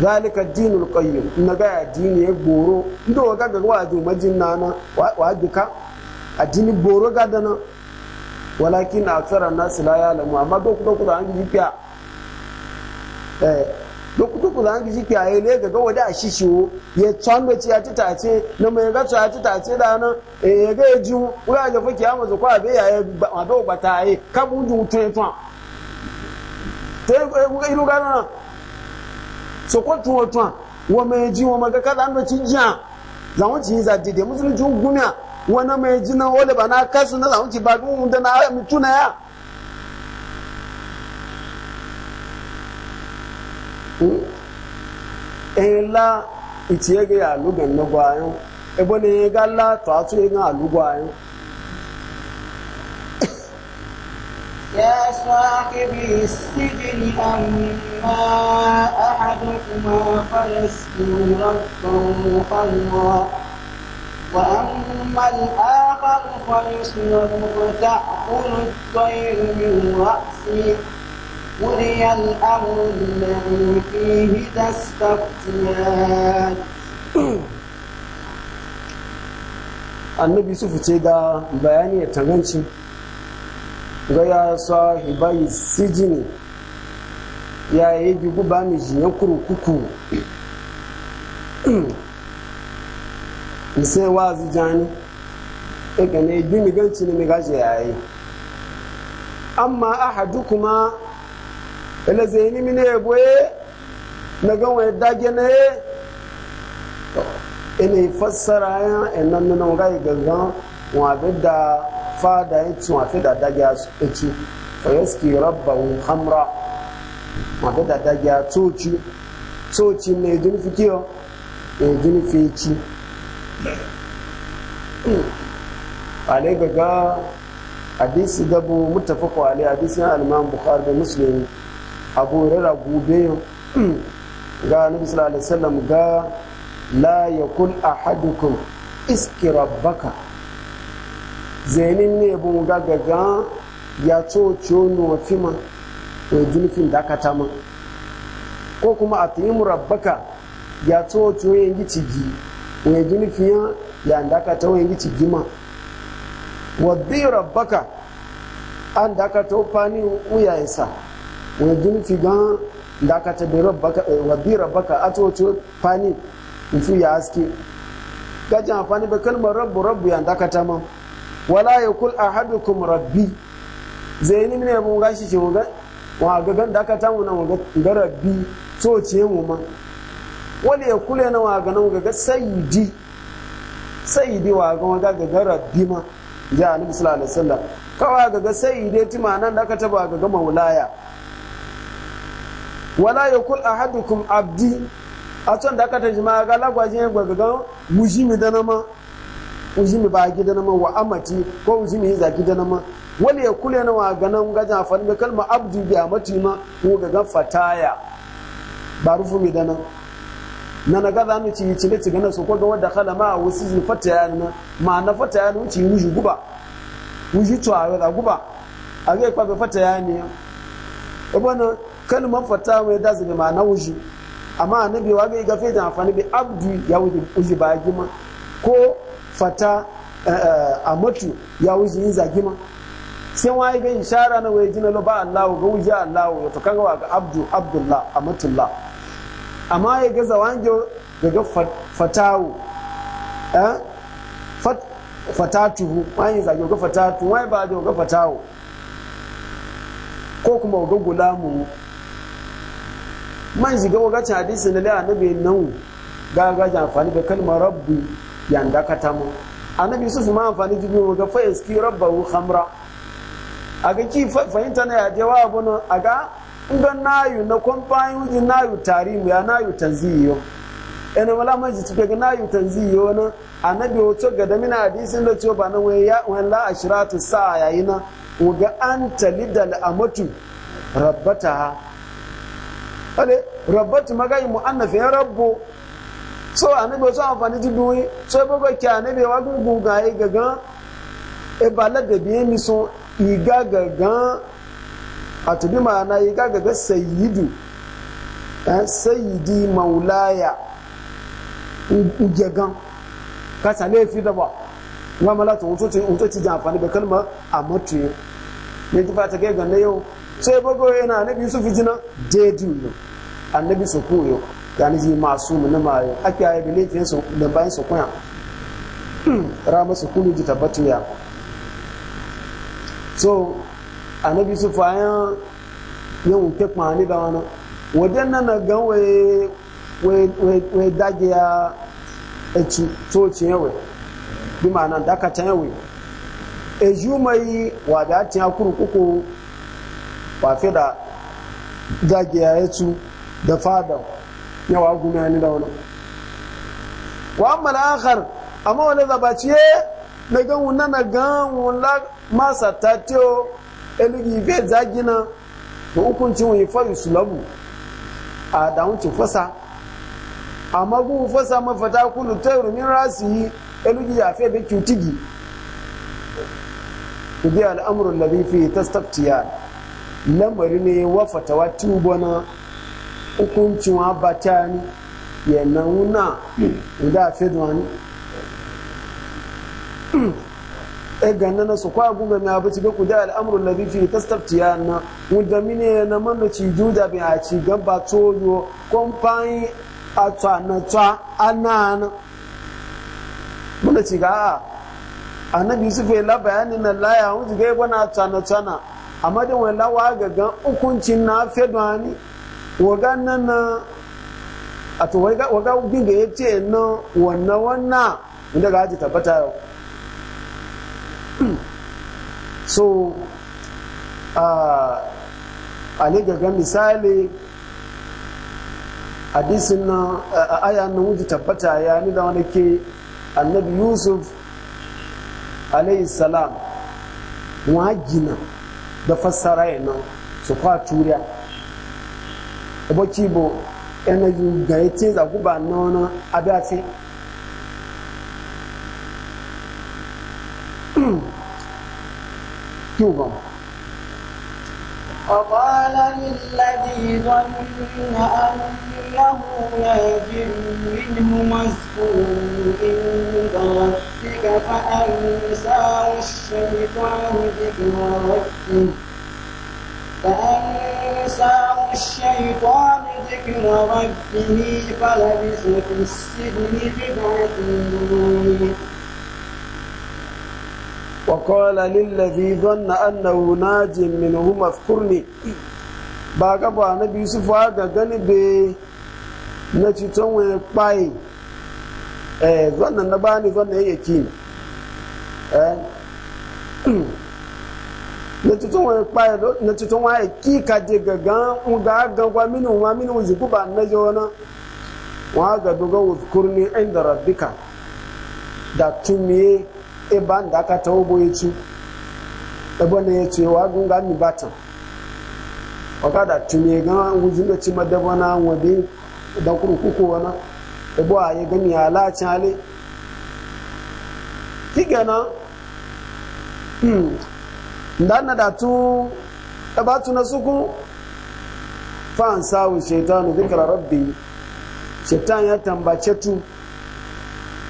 zalika dinul qayyim na ga dini ya goro ndo ga ga wajin majin nana wa duka addini boro ga da nan walakin aksara nasu la ya'lamu amma doku doku da hangi jikiya eh doku da hangi jikiya ya ne gaga wadda a shishiwo ya tsamba ci ya ci tace na mai ga ya ci tace da nan eh ya ga ji ura a fa ya zo kwa be ya ya ma bata eh ka bu ji tun tun te ga ilu ga nan so ko tun tun wa mai ji wa maga kaza an do ci jiya zamu ci za dide musulunci gumiya wani mai jina wani ba na kasu na zamu ci bagun da na na ya hmm. in la iti ya ga ya lugan na gwayo ebo ne ya ga la to atu ya ga alu gwayo يا صاحبي السجن أما أحدكما وأما الآخر فيسلب تأكل الطير من رأسه قضي الأمر الذي فيه تستفتيان annabi su ce da bayani ya taganci ga ya sahibai sijini ya yi guba mai jiyan kuku. sai wazi jani ega ne gini ganci ne gashi yayi amma ahadu kuma ila zaini mine boye na gan wani dage na ye ina fassara ya ina nuna ga gangan wabe da fada ya ci wafe da dage ya ci fa yaski rabba um hamra wafe da dage ya tsoci tsoci ne dun fi kiyo ne dun fi ci alai gaga hadisi dabu mutafaqu alai hadisin al-imam bukhari da muslim abu hurairah gube *clears throat* ga annabi sallallahu alaihi wasallam ga la yakul ahadukum iski rabbaka zainin ne bun ga gaga ya coci wani wafima da julfin dakata ma ko kuma a tuyi rabbaka ya coci wani cigi wai gini fiye ya ndaka ta wani gici gima wadda rabbaka an daka ta fani eh, uya isa wai gini fi gan ndaka ta wadda rabbaka a to fani in ya haske gajin amfani bai kalmar rabbu rabbu ya ndaka ta ma wala ya kul kuma rabbi zai ni ne mun gashi shi wa ga gan daka ta mu nan ga rabbi so ce mu ma wani ya kule na waga nan gaga sayidi sayidi waga ga gaga rabbi ma ya annabi sallallahu alaihi wasallam ga gaga sayidi ma nan da aka taba gaga maulaya wala yakul ahadukum abdi a can da aka taji ma ga lagwaje gaga mujimi da nama mujimi ba gida nama wa amati ko mujimi za gidana nama wani ya kule na waga nan gaja fadin kalma abdu bi matima ma ko gaga fataya ba rufu mi dana na na gaza mu ci ci ci gana so ko ga wadda kala ma wasu zin fata ya na ma na fata ya nu ci wuji guba wuji to a wada guba a ga kwa fata ya ne ibana kalmar fata mai da zai ma na wuji amma annabi wa ga ga fe da afani bi abdu ya wuji wuji ba gima ko fata eh, eh, a matu ya wuji yin gima sai wani ga ishara na waje lo ba Allah ga wuji Allah to kaga wa ga abdu abdullah amatullah amma ya gaza zawanjo daga fatawu eh? fatatu wani zage ga fatatu wani ba da ga fatawu ko kuma ga gulamu man shiga wagacin hadisi na lai annabi nan ga gaji amfani da kalmar rabbi yanda ka tamu annabi yusuf ma amfani jibin ga fa iski rabbahu hamra. a ga ki fahimta na wa abu a ga nga nayu na kwamfayin wuji nayu mu ya nayu tanziyo ina wala man ji tuke nayu tanziyo na annabi wato ga da mina hadisin da cewa na wai ya walla ashratu sa'a yayina uga anta lidal amatu rabbataha ale rabbatu mu muannafi ya rabbu so annabi wato amfani ji duwi so bogo ki annabi wa gugu ga gaga e bala da biye mi so iga gaga ma ma'ana yi gagaga sayidu eh, sayidi maulaya ugegan kasa ne da ba wa malata wuto ci jan amfani da kalma a matuye ne ti fata kai na yau sai bago yana annabi su fi jina jeju yau annabi su koyo gani ji masu mu na mayo ake ayi bi laifin su da bayan su koya hmm, rama su kunu ji tabbatu ya so anabi su fayan yin ke kwani da wani wajen nan na gan wai dage ya eci toci yawai bi ma nan daga can yawai eju mai wada a tiya kurkuku ba fi da dage ya eci da fada yawa gumi ni da wani wa amma na akar amma wani zabaciye na gan wunan na gan wula masa tateo elugi be zagina da hukuncin wani fayu sulabu a da fasa amma gun fasa mafata kulu ta rumin rasiyi elugi ya fe be ku bi al'amurin da fi tastaftiya lamari ne wa fatawa tubona hukuncin wa bata ni yana wuna da fe ganna na su kwa guga na bi ci ga ku da al'amru ladhi fi tastaftiyan wanda mine na man da ci juda bi a ci ga ba toyo kompani a ta na tsa anan mun da ci ga annabi yusuf ya la bayani na laya wuce ga yabana tsana tsana amma da wani lawa ga gan hukuncin na fedwani waga nan na a to ga bin ga ya ce na wannan wannan inda ga ji tabbata yau Hmm. so uh, a ne gaga misali hadisin nan uh, aya nan wuce tabbata ya ni da wani ke annabi yusuf alayhi salam wajina da fassara ya nan su kwa turiya abokibo yanayi ga ya ce zaguba na wani abiyati مكتوبة وقال للذي ظن أنه ناج منه مسكون عند ربك فأنساه الشيطان ذكر ربه فأنساه الشيطان ذكر ربه فلبث في السجن بضع سنين وقال للذي ظن أنه ناج منهما اذكرني باقا بو نبي يوسف واغا غني بي نتي تون باي eh zannan na bani zannan yake eh na tutun waye kika je gagan ga gagwa minu wa na jo wa ga dogo kurni inda rabbika da tumiye eba da aka ta ugbo echi ebe na echi wa gun ga ọkada tumi ga wujin da ci madaba na wabe da kurkuku wana ebe a ya gani ala chale kigana hmm na da tu eba tu na suku fa an sawu shaytanu dhikra rabbi shetan ya tambace tu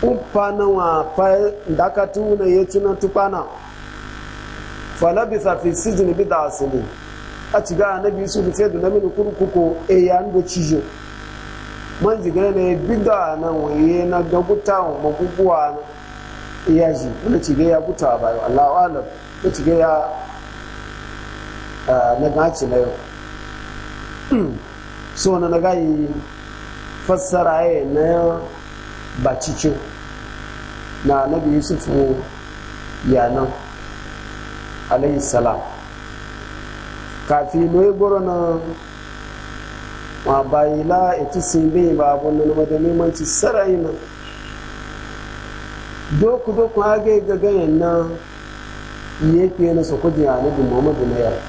upana wa fa na tuna yetu na tupana falabitha fi sijin bi da sinin a ciga annabi su da fedu na mini kurkuku e ya ndo cijo man jiga bi da na waye na gaguta wa maguguwa ya ji na ciga ya guta ba Allahu alam ah, na ciga ya na gaci na yau so na e na gayi fassara ya na bacicin na annabi yusufu yanan alayhi salam kafin noye goro na ma bayi la eti sin bin ba abun nan ma da muhimmanci sarai na doku doku age ga ganyen na yake na sokojin annabi muhammadu na yara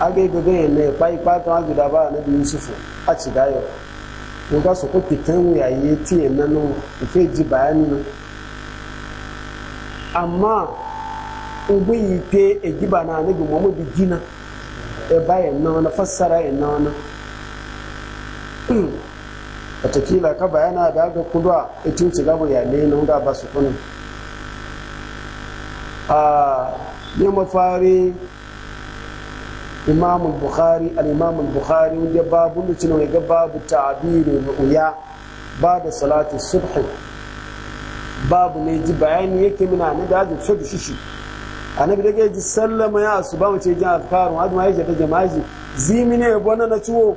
age ga ganyen na ya fayi fatan guda ba annabi yusufu a ci nga su kuki tan yayi tiye na no ife ji bayani no amma ubu yi te e na gina e bayan na fassara e na na watakila ka bayana ga kudwa e tuci gabo ya na no ga a imam bukhari al-imam bukhari wanda babu da cinwa ga babu ta'biru uya ba da salatu subh babu ne ji bayani yake muna ne da azu shi shishi annabi da ji sallama ya asuba mu ce jin afkaru hadu ma yake ta jama'i zimi ne ba na ciwo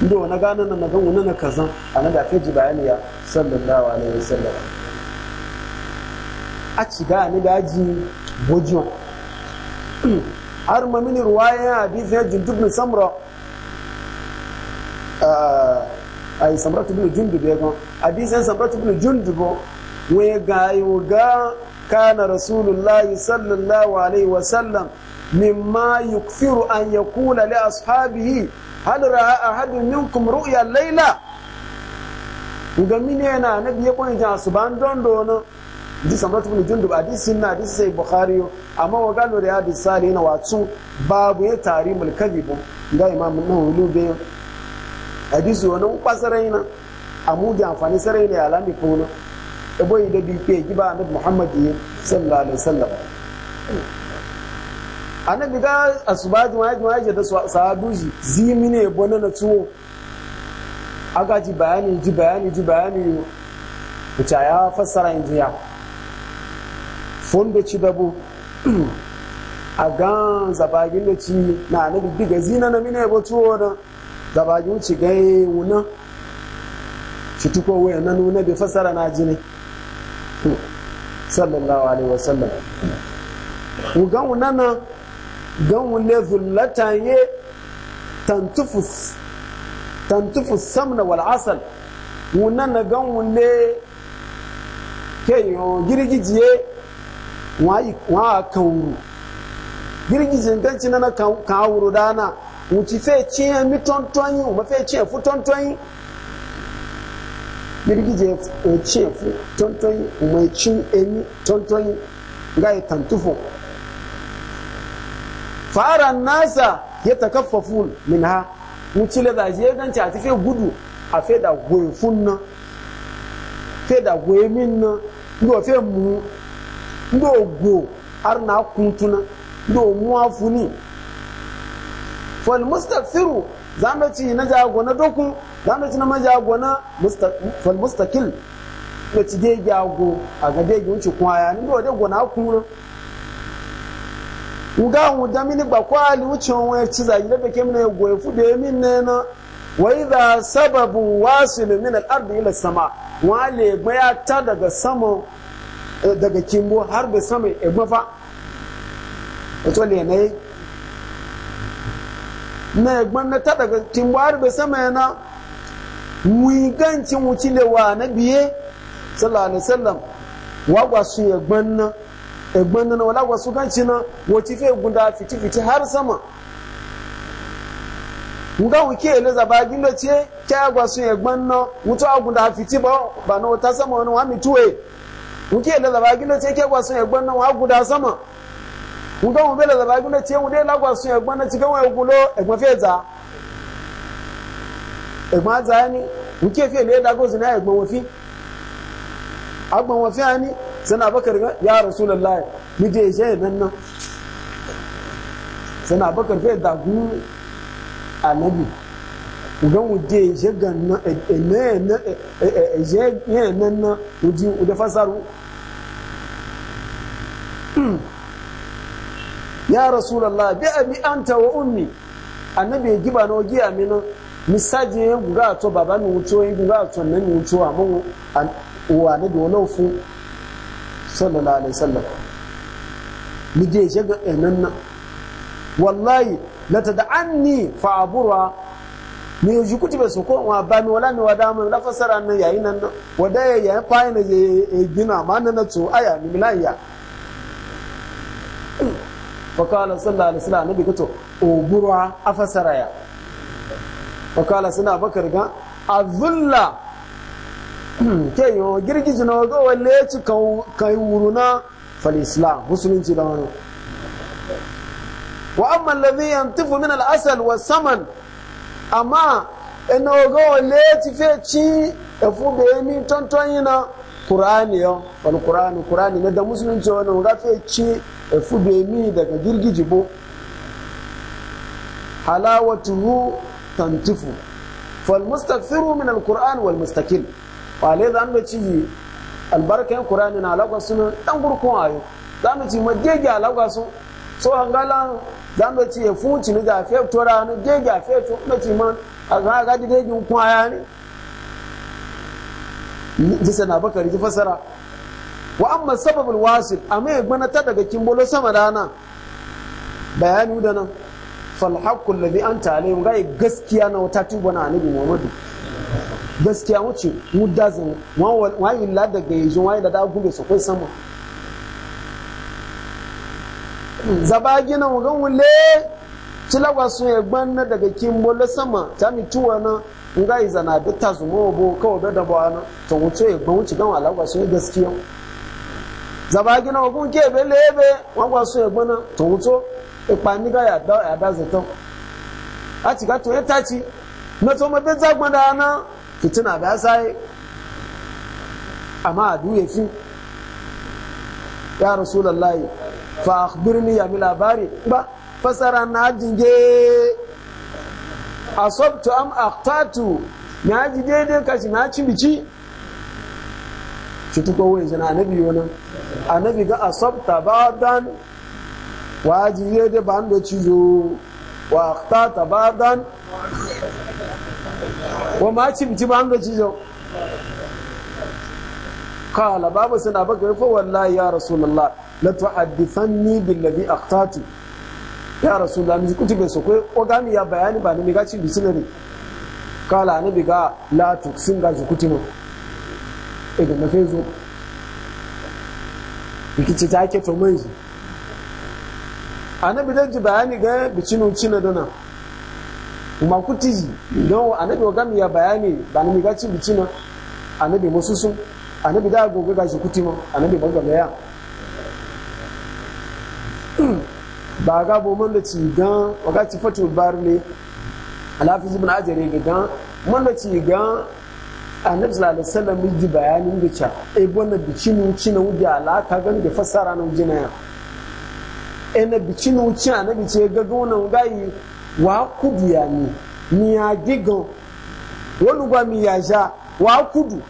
ndo wani gane nan na ganu na kaza annabi akai ji bayani ya sallallahu alaihi wasallam a ci da annabi aji bojon har ma mini ruwaya hadisi ya jundub bin samra eh, yi samratu bin jundub ya kan hadisi ya samratu bin ko. Wai ga yi wuga kana rasulullahi sallallahu alaihi wa sallam ma yukfiru an yakula li ashabihi hal ra'a ahadun minkum ru'ya laila. ga mine na nabi ya kwanja su ban don dono di samrat ibn jundub hadisi na hadisi sai bukhari amma wa gano da bi sali na wato babu ya tari mulkazibu ga imam nawawi lube hadisi wani kwasarai na amu da amfani sarai ne alami fona ebo ida bi pe giba annabi muhammad sallallahu alaihi wasallam annabi ga asubaju wa ajma da sahabuji zimi ne bona na tuwo aga ji bayani ji bayani ji bayani wuce ya fassara injiya fondo ci dabo *clears throat* a gan zabagin da ci na anabi diga zina na mine ba tuwo na zabagin ci gai wuna ci tuko waya na nuna bai fasara na jini sallallahu alaihi wasallam gan wuna na gan wune zullata ye tantufus tantufus samna wal asal wuna na gan wune ke yo girgijiye wa kawuru girgizin ganci na kawuru dana wuci fe ciye mi tonton yi uma fe ciye fu tonton tontonyi girgije ciye fu tonton yi uma cin emi tonton yi, ga ya tantufo fara nasa ya takaffafu min ha wuci la zaji ya ganci a tafe gudu a fe da goyi funna fe da goyi min na fe mu ndị na arna kuntuna ndị omu funi fal za zamu ci na jago na doku zamu ci na majago na fal mustaqil na ci dai jago a ga dai wuce kwaya ndị do dai gona kuna uga mu da mini ba kwali wuce wani ci zagi da kemina mini goye fude min ne na wa idha sababu wasil min al-ardi ila sama wa le baya ta daga sama Eh, daga kimbo har bai sama ya eh, gbafa wato na ya gbanna ta daga kimbo har bai sama yana wigancin wucilewa na biye sallallahu alaihi wasallam wagwa su ya gbanna ya gbanna na wala wasu ganci na wace fe gunda fiti fiti har sama nga wike eleza ba gindo ce kya gwa su ya gbanna wuto fiti ba na wata sama wani wa mituwe nke da zaba gina ce ke gwasun egban nan wa guda sama nga mu bela zaba gina ce mu dai la gwasun egban nan cikin wa gulo egban feza egban zani nke fe le da gozu na egban wafi agban wafi ani sana bakar ga ya rasulullahi ni je je nan nan sana Abakar fe da gu annabi uga wuje je ganna e, e, ne ne e, je na uji uda fasaru *clears throat* ya rasulullah bi abi anta wa ummi annabi giba no giya mina misaje guga to baba ni uto yi guga to nan ni uto amu wa ne do lofu sallallahu je na mi yanzu kuti bai bẹ̀ wa ba mi wala mi wà dá mi wọlá fọ́sára ní nan náà ná ya yẹ yẹn páyìn náà yẹ ègbín náà máa nana tó àyà níbi náà yà. wakala sallallahu alaihi wasallam nabi kato ogurwa afasara ya fa kana suna bakar ga azulla ke yo girgiji na go walle ci kan kai wuruna na fal islam musulunci da wani wa amma alladhi yantifu min al asal wa saman amma ina ogo wale ti fe ci efu be mi tonton yina qur'ani yo wal ne da musulunci wani ga fe ci efu be daga girgiji bo halawatuhu tantifu fal mustaghfiru min al qur'an wal wale zan be ci albarkan kurani na alaka ɗan dan gurkun ayo zamu ci madege alaka su so angala zando ci e fun ci ga fe tora no de ga fe to na ci man a ga ga de jun kwa ya ni ji sana bakari ji fasara wa amma sababul wasil amma ya gbana ta daga kimbolo sama dana bayani da nan fal haqqu alladhi anta alayhi ga gaskiya na wata tuba na annabi muhammadu gaskiya wuce mudazin wa wa illa daga yajin wa illa da gube su kai sama zaba gina mu wule cilawa sun ya gbanna daga kimbolo sama ta mi tuwa na nga iza na da ta zuma bo kawo da daba ana to wuce ya gban wuce gan alawa sun ya gaskiya zaba gina mu gun lebe wagwa sun ya gbanna to wuce ipa ni ga ya da ya da zato a ci ga to ya taci na to ma bai zagban da na fitina da sai amma a duye fi ya rasulullahi fa akhbirni ya mi labari ba fasara na jinge asabtu am aqtatu na ji daidai kashi na ci bici cutu kowai jina anabi wani anabi ga asabta ba dan wa ji daidai ba da zo wa aqtata ba dan wa ma ci bici ba da zo قال بابا سنا بكر فوالله يا رسول الله لتحدثني بالذي أخطأت ya rasulullah miji kuti bai sokwe kai gami ya bayani ba ne mai gaci bisi ne kala na bi ga la tuksin gaji kuti ne e da na zo rikici ta ake to mai ji annabi dan ji bayani ga bicinu cina dana kuma kuti ji don annabi wa gami ya bayani ba ne mai gaci bicina bi musu sun annabi da gogo ga shi kuti mu annabi ban gaba ya ba ga bo mun da ci gan wa ga ci fatul bar ne alhafiz ibn ajari ga gan mun da ci gan annabi sallallahu alaihi wasallam ji bayanin da cha e bona bicinu cinu wuja alaka gan da fassara na wujina ya e na bicinu cinu annabi ce ga gonan yi wa kudu ya ni ni ya gigan wani gwami ya sha wa kudu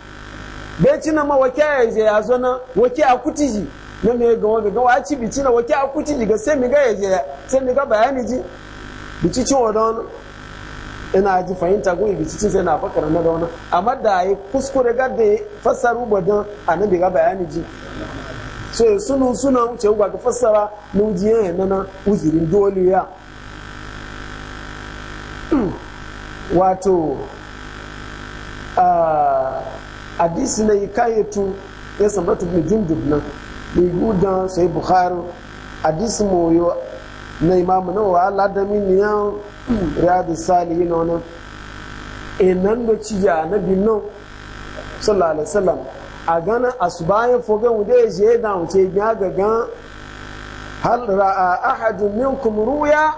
bai na ma wake ya je ya zo na wake a kutiji na me ga wani ga waci bici na wake a kutiji ga sai mi ga ya sai mi ga bayani ji bici cin wadon ina ji fahimta goyi bici cin sai na fakar na da wani amma da ya kuskure ga da fassaru na bi ga bayani ji so sunu suna wuce ga ga fassara na ujiyan ya nana uzirin dole ya *clears throat* wato ah, hadisi na yi kayetu ya samratu bin jundub nan mai sai bukhari hadisi moyo na imamu na wa Allah da min ya hmm, riyadu yi na wani e inan da ci ya na bin nan sallallahu alaihi wasallam a su bayan fogan wuda ya je da wuce ya ga gan hal ra'a ahadun minkum ruya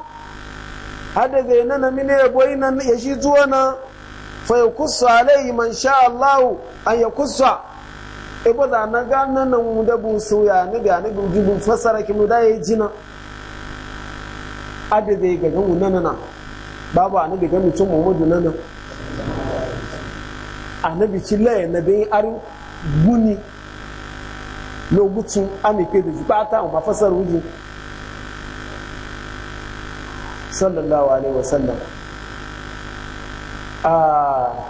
hada zai nana mine ya boyi nan ya shi zuwa na fayakusu alayhi man sha Allah an yakusa ibo da na ga nan mu da bu ni ni bu fasara ki mu da yi jina ga nan nan babu ani mutum Muhammadu nan nan annabi ci laye na ma fasar wuji ebe ah,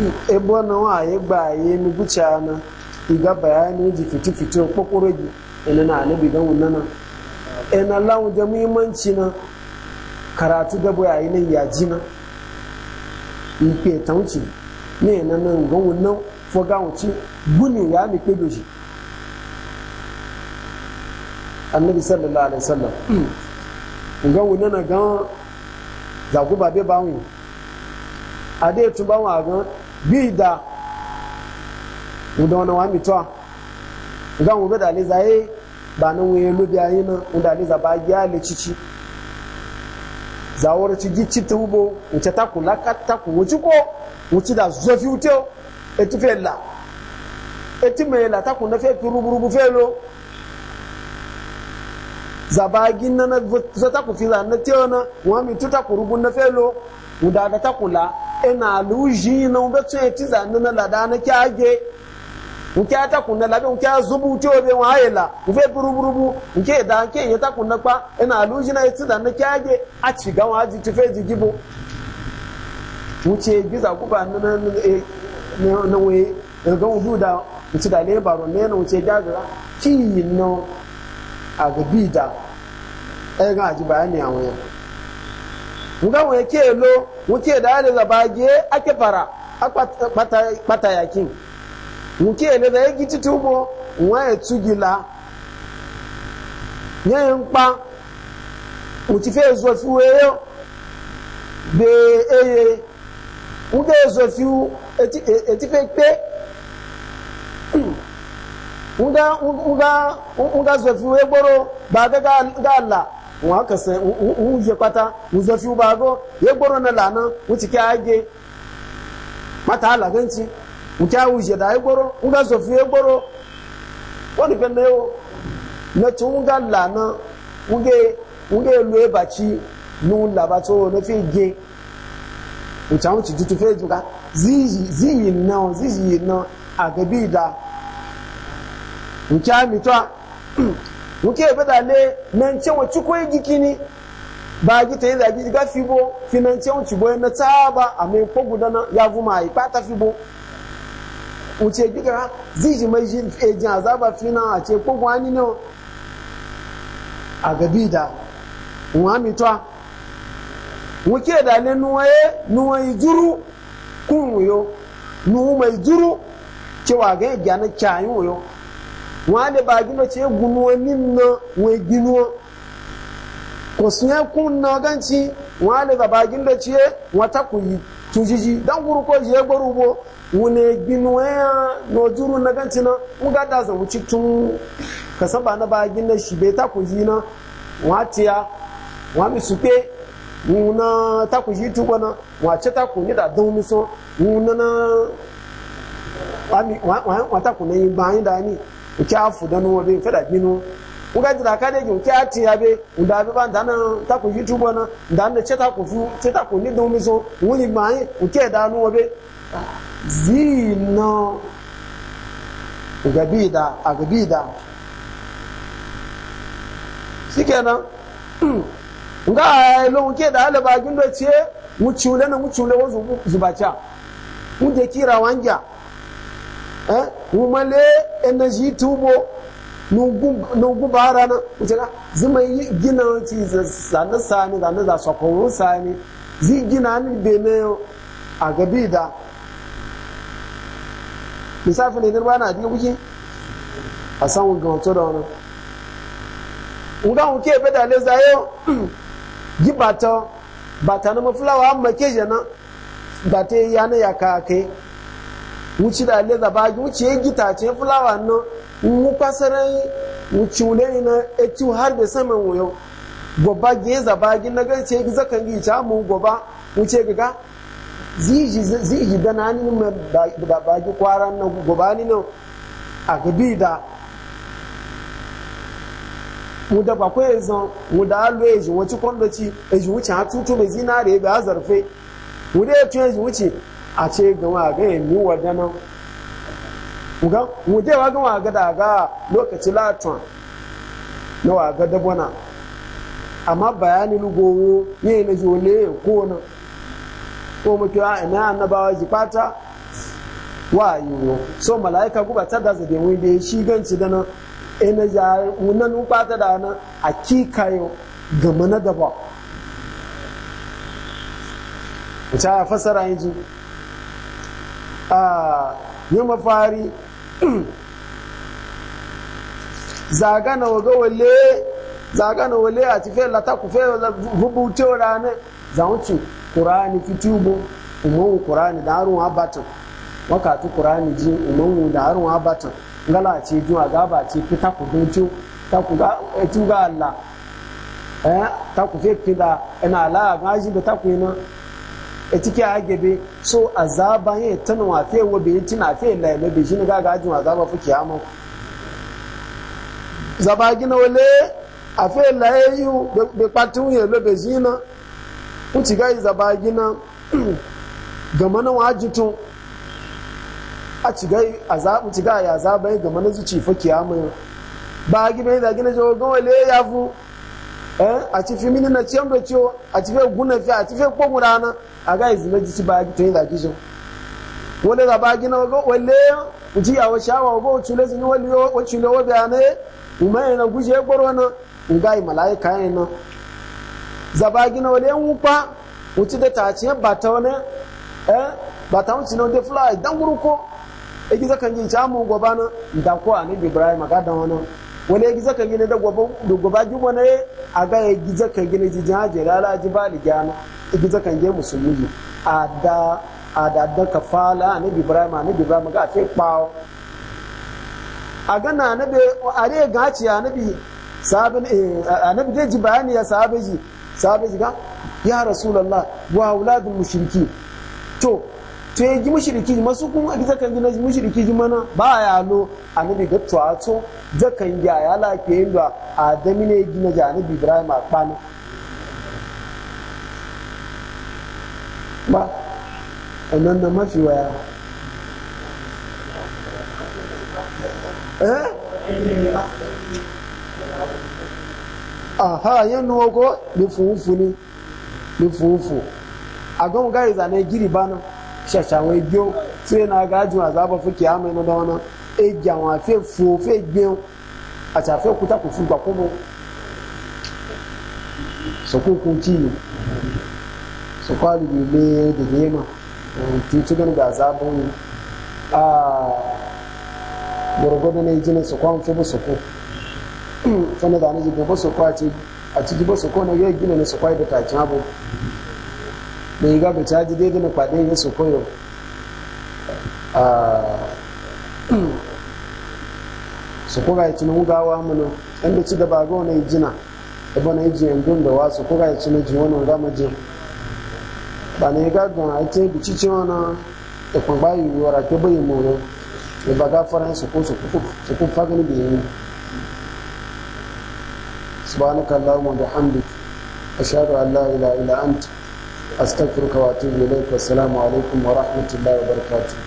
ah, e e na waye ayi ni guca na iga bayani ji fiti-fiti kwakwaro gi ina na ale anabi don wunana ina e lawun da muhimmanci na karatu da boya yi nan yaji na ipe taunci ne na nan ga wunan foga wuce guni ya mi pedo shi annabi sallallahu alaihi wasallam hmm, ga wunana ga zaguba ba bawun ade tuba wa gan bi da udon wa mi to ga mu be da le zai ba nan we lu bi ayin nan da le za ba ya le cici zawar ci gici tubo mu ta taku la ka taku mu ci ko mu ci da zofi uto e tu fe la e ti me la taku na fe turuburubu fe lo zabagin na na zata ku fi na tewa na wami tuta ku rubun na felo mu da ta la. ina luji na ube tun eti na lada na kya ge nke ata kunna labe nke azubu ti obe wa ayela ufe buruburubu nke da nke ye ta kunna na ina na eti zanu kya ge a ci ga wa ji tufe ji gibo wuce giza kuba na na na na we ga wudu da wuce da le baro ne na wuce gaga ki no a ga bida e, nga wani ke lo wuke da hali zabage ake fara a kpata yakin wuke ne da ya titi tubo nwa ya tugila nye mkpa wuti fe zofi bee eye wuke zofi e eti e kpe pe nga zofi we gboro ba ga ga ala wọn kà sẹ wọn yẹ pátá wọn zọ wọn agọ yẹ gbọdọ náà lànà wọn ti kẹ àgé pátá àlàkẹ́ntì wọn kẹ àwọn ìṣẹ̀dá yẹ gbọdọ wọn kà zọ fi yẹ na wọn nìkan náà yọ nàtí wọn kà lànà wọn kẹ wọn kẹ lu wọn ti ziyi ziyi a. nke bedale nance wacce kwaye gikini ba gi ta yi zagi ga fibo finance wuce boye na taba a mai guda na ya guma yi fata fibo wuce gara ziji mai ji eji azaba fina a ce kogu hannu ne a gabi da nwamitwa wuke da ne nuwaye nuwayi juru kun wuyo nuhu mai juru cewa ga yi gyanar kyayin wuyo wọn de baagi na ce gunuwa nin na wai ginuwa ko sun ya ganci wọn de ga baagi na ce wata ku yi tujiji dan guru ko je gbaru bo wune ginuwa ya no juru na ganci na mun ga da zamu ci tun ka saba na baagi na shi bai ta ku yi na watiya wa mi supe wuna ta ku yi tuko na wace ta ku ni da don mi so wuna na wa ta ku na yi bayan da ni nke afu ah, da nuwa bin fada binu kuka jira ka da nke kya ti abe nda abịba ban ta ku yitu bona nda ne che ta fu che ku mi so nke da n'ụwa be zino gabida a gabida shikenan nga nke da alaba gindo ce mu ciule na mu zubacha kira wanja wumale eh? energy tubo nugu bara na na zuma yi gina ci zane sani zane za sokowo sani zi gina ni bene a gabi da misafi ne nirwa na adiga wuce a san wuga wato da wani nga wuke ebe da leza yau *clears throat* gi bata bata na mafulawa amma ke jana bata yi yana ya kake wuci da le zaba gi ya gita ce fulawa no mu kwasarai wuci wule na etu har da saman wuyo goba gi zaba gi na ga ce gi zakan gi mu wuce gaga ziji ziji da nani mu da ba kwaran na goba ni no a gabi da mu da ba kwaye zan mu da alo eji wuci kwando eji wuce ha tutu mai zinare ba zarfe eji wuce a ce gama ga ya mi wadana ga mu je wa gama ga daga lokaci latin na waga dabona amma bayanin lugowo ne na jole ko na ko mutu a ina annabawa jifata wa yiwo so malaika guba ta da zabe wai da shi ganci da nan ina eh, ja wannan nufata da na akika yo gama na daba ta fasara yanzu yi mafari *clears throat* zaga na waga wale zaga na wale a tafiya lata ku fe rubuce ranar zaunci kurani fitubu umarun kurani da harun abatan wakatu kurani ji umarun da harun abatan ngala ce a gaba ce fita ku dunci ta ku e ga Allah eh ta ku fe fida ina e la gaji da ta ku yi a agebe so azaba ye tanu wa fe wo be tin afe la me be shin ga gajin azaba fu kiyama zaba gina wole a la yu be patu ye lo be jina uti ga zaba gina *clears throat* gama na wajitu a ci ga azabu ci ga ya azaba yi gama na zuci fu kiyama ba gibe da gina jo gan wole ya fu eh a ci fi mini na ciyam da ciwo a ci fe guna fi a ci fe murana. aga izime ji ba to yin zaki shi wani da ba gina ga wale uji ya wa shawa wa wuce le zini wali wa chule wa bayane umai na guje goro na e, ngai malaika na? za ba gina wale wupa uti da tace bata wani eh bata wuce no de fly dan guruko e giza kan jin chamu gobana da ko anabi ibrahim ga dan wani wani giza kan gina da goba da goba jubana aga giza kan gina jijin hajira ala jibali gyana igiza kan je musulmi ji da ka da a nabi ibrahim nabi ibrahim ga ce kpawo. a gana a are gaci annabi sabin nabi eh, dai ji bayani ya sabi ji sabi ji ga ya rasulallah wa wuladun mushriki to to ya ji mushriki masu kun a zakan ji na mushriki ji mana ba ya lo nabi ga to a to zakan ya ya lafiyin da adami ne gina ji ibrahim a kwana ba wannan na mafi waya eh aha yin nuwago da fufu ne da fufu a gan gari zane giri bana shashawai biyo sai na gajin a zaba fuke amai na da wani egi àwọn àfẹ́ fò fẹ́ gbẹ́un àti àfẹ́ òkúta kò fún gbàkúmọ́ sọkúnkún tí yìí su kwali bebe da gema eh, titunan da zabon a gurgudu ne jini su kwan fi busu ko *clears throat* fana da nake gaba su kwa ce a ciki ba su ko na yau gina ne su kwai da takin abu da yi gaba caji daidai na kwaɗe ya *clears throat* su koyo a su kuka yi cinu gawa mana inda ci da ba ga wani jina da na yi jiyan don da wasu kuka yi cinu jiwon wani gama jiyan bani ga gan ate bici cewa na ikon bayi yora ke bayi moro ne ba ga faran su ko su ku su ku fagani bi ne subhanaka allahumma wa bihamdika ashhadu an la ilaha illa anta astaghfiruka wa atubu ilaik wa assalamu alaikum wa rahmatullahi wa barakatuh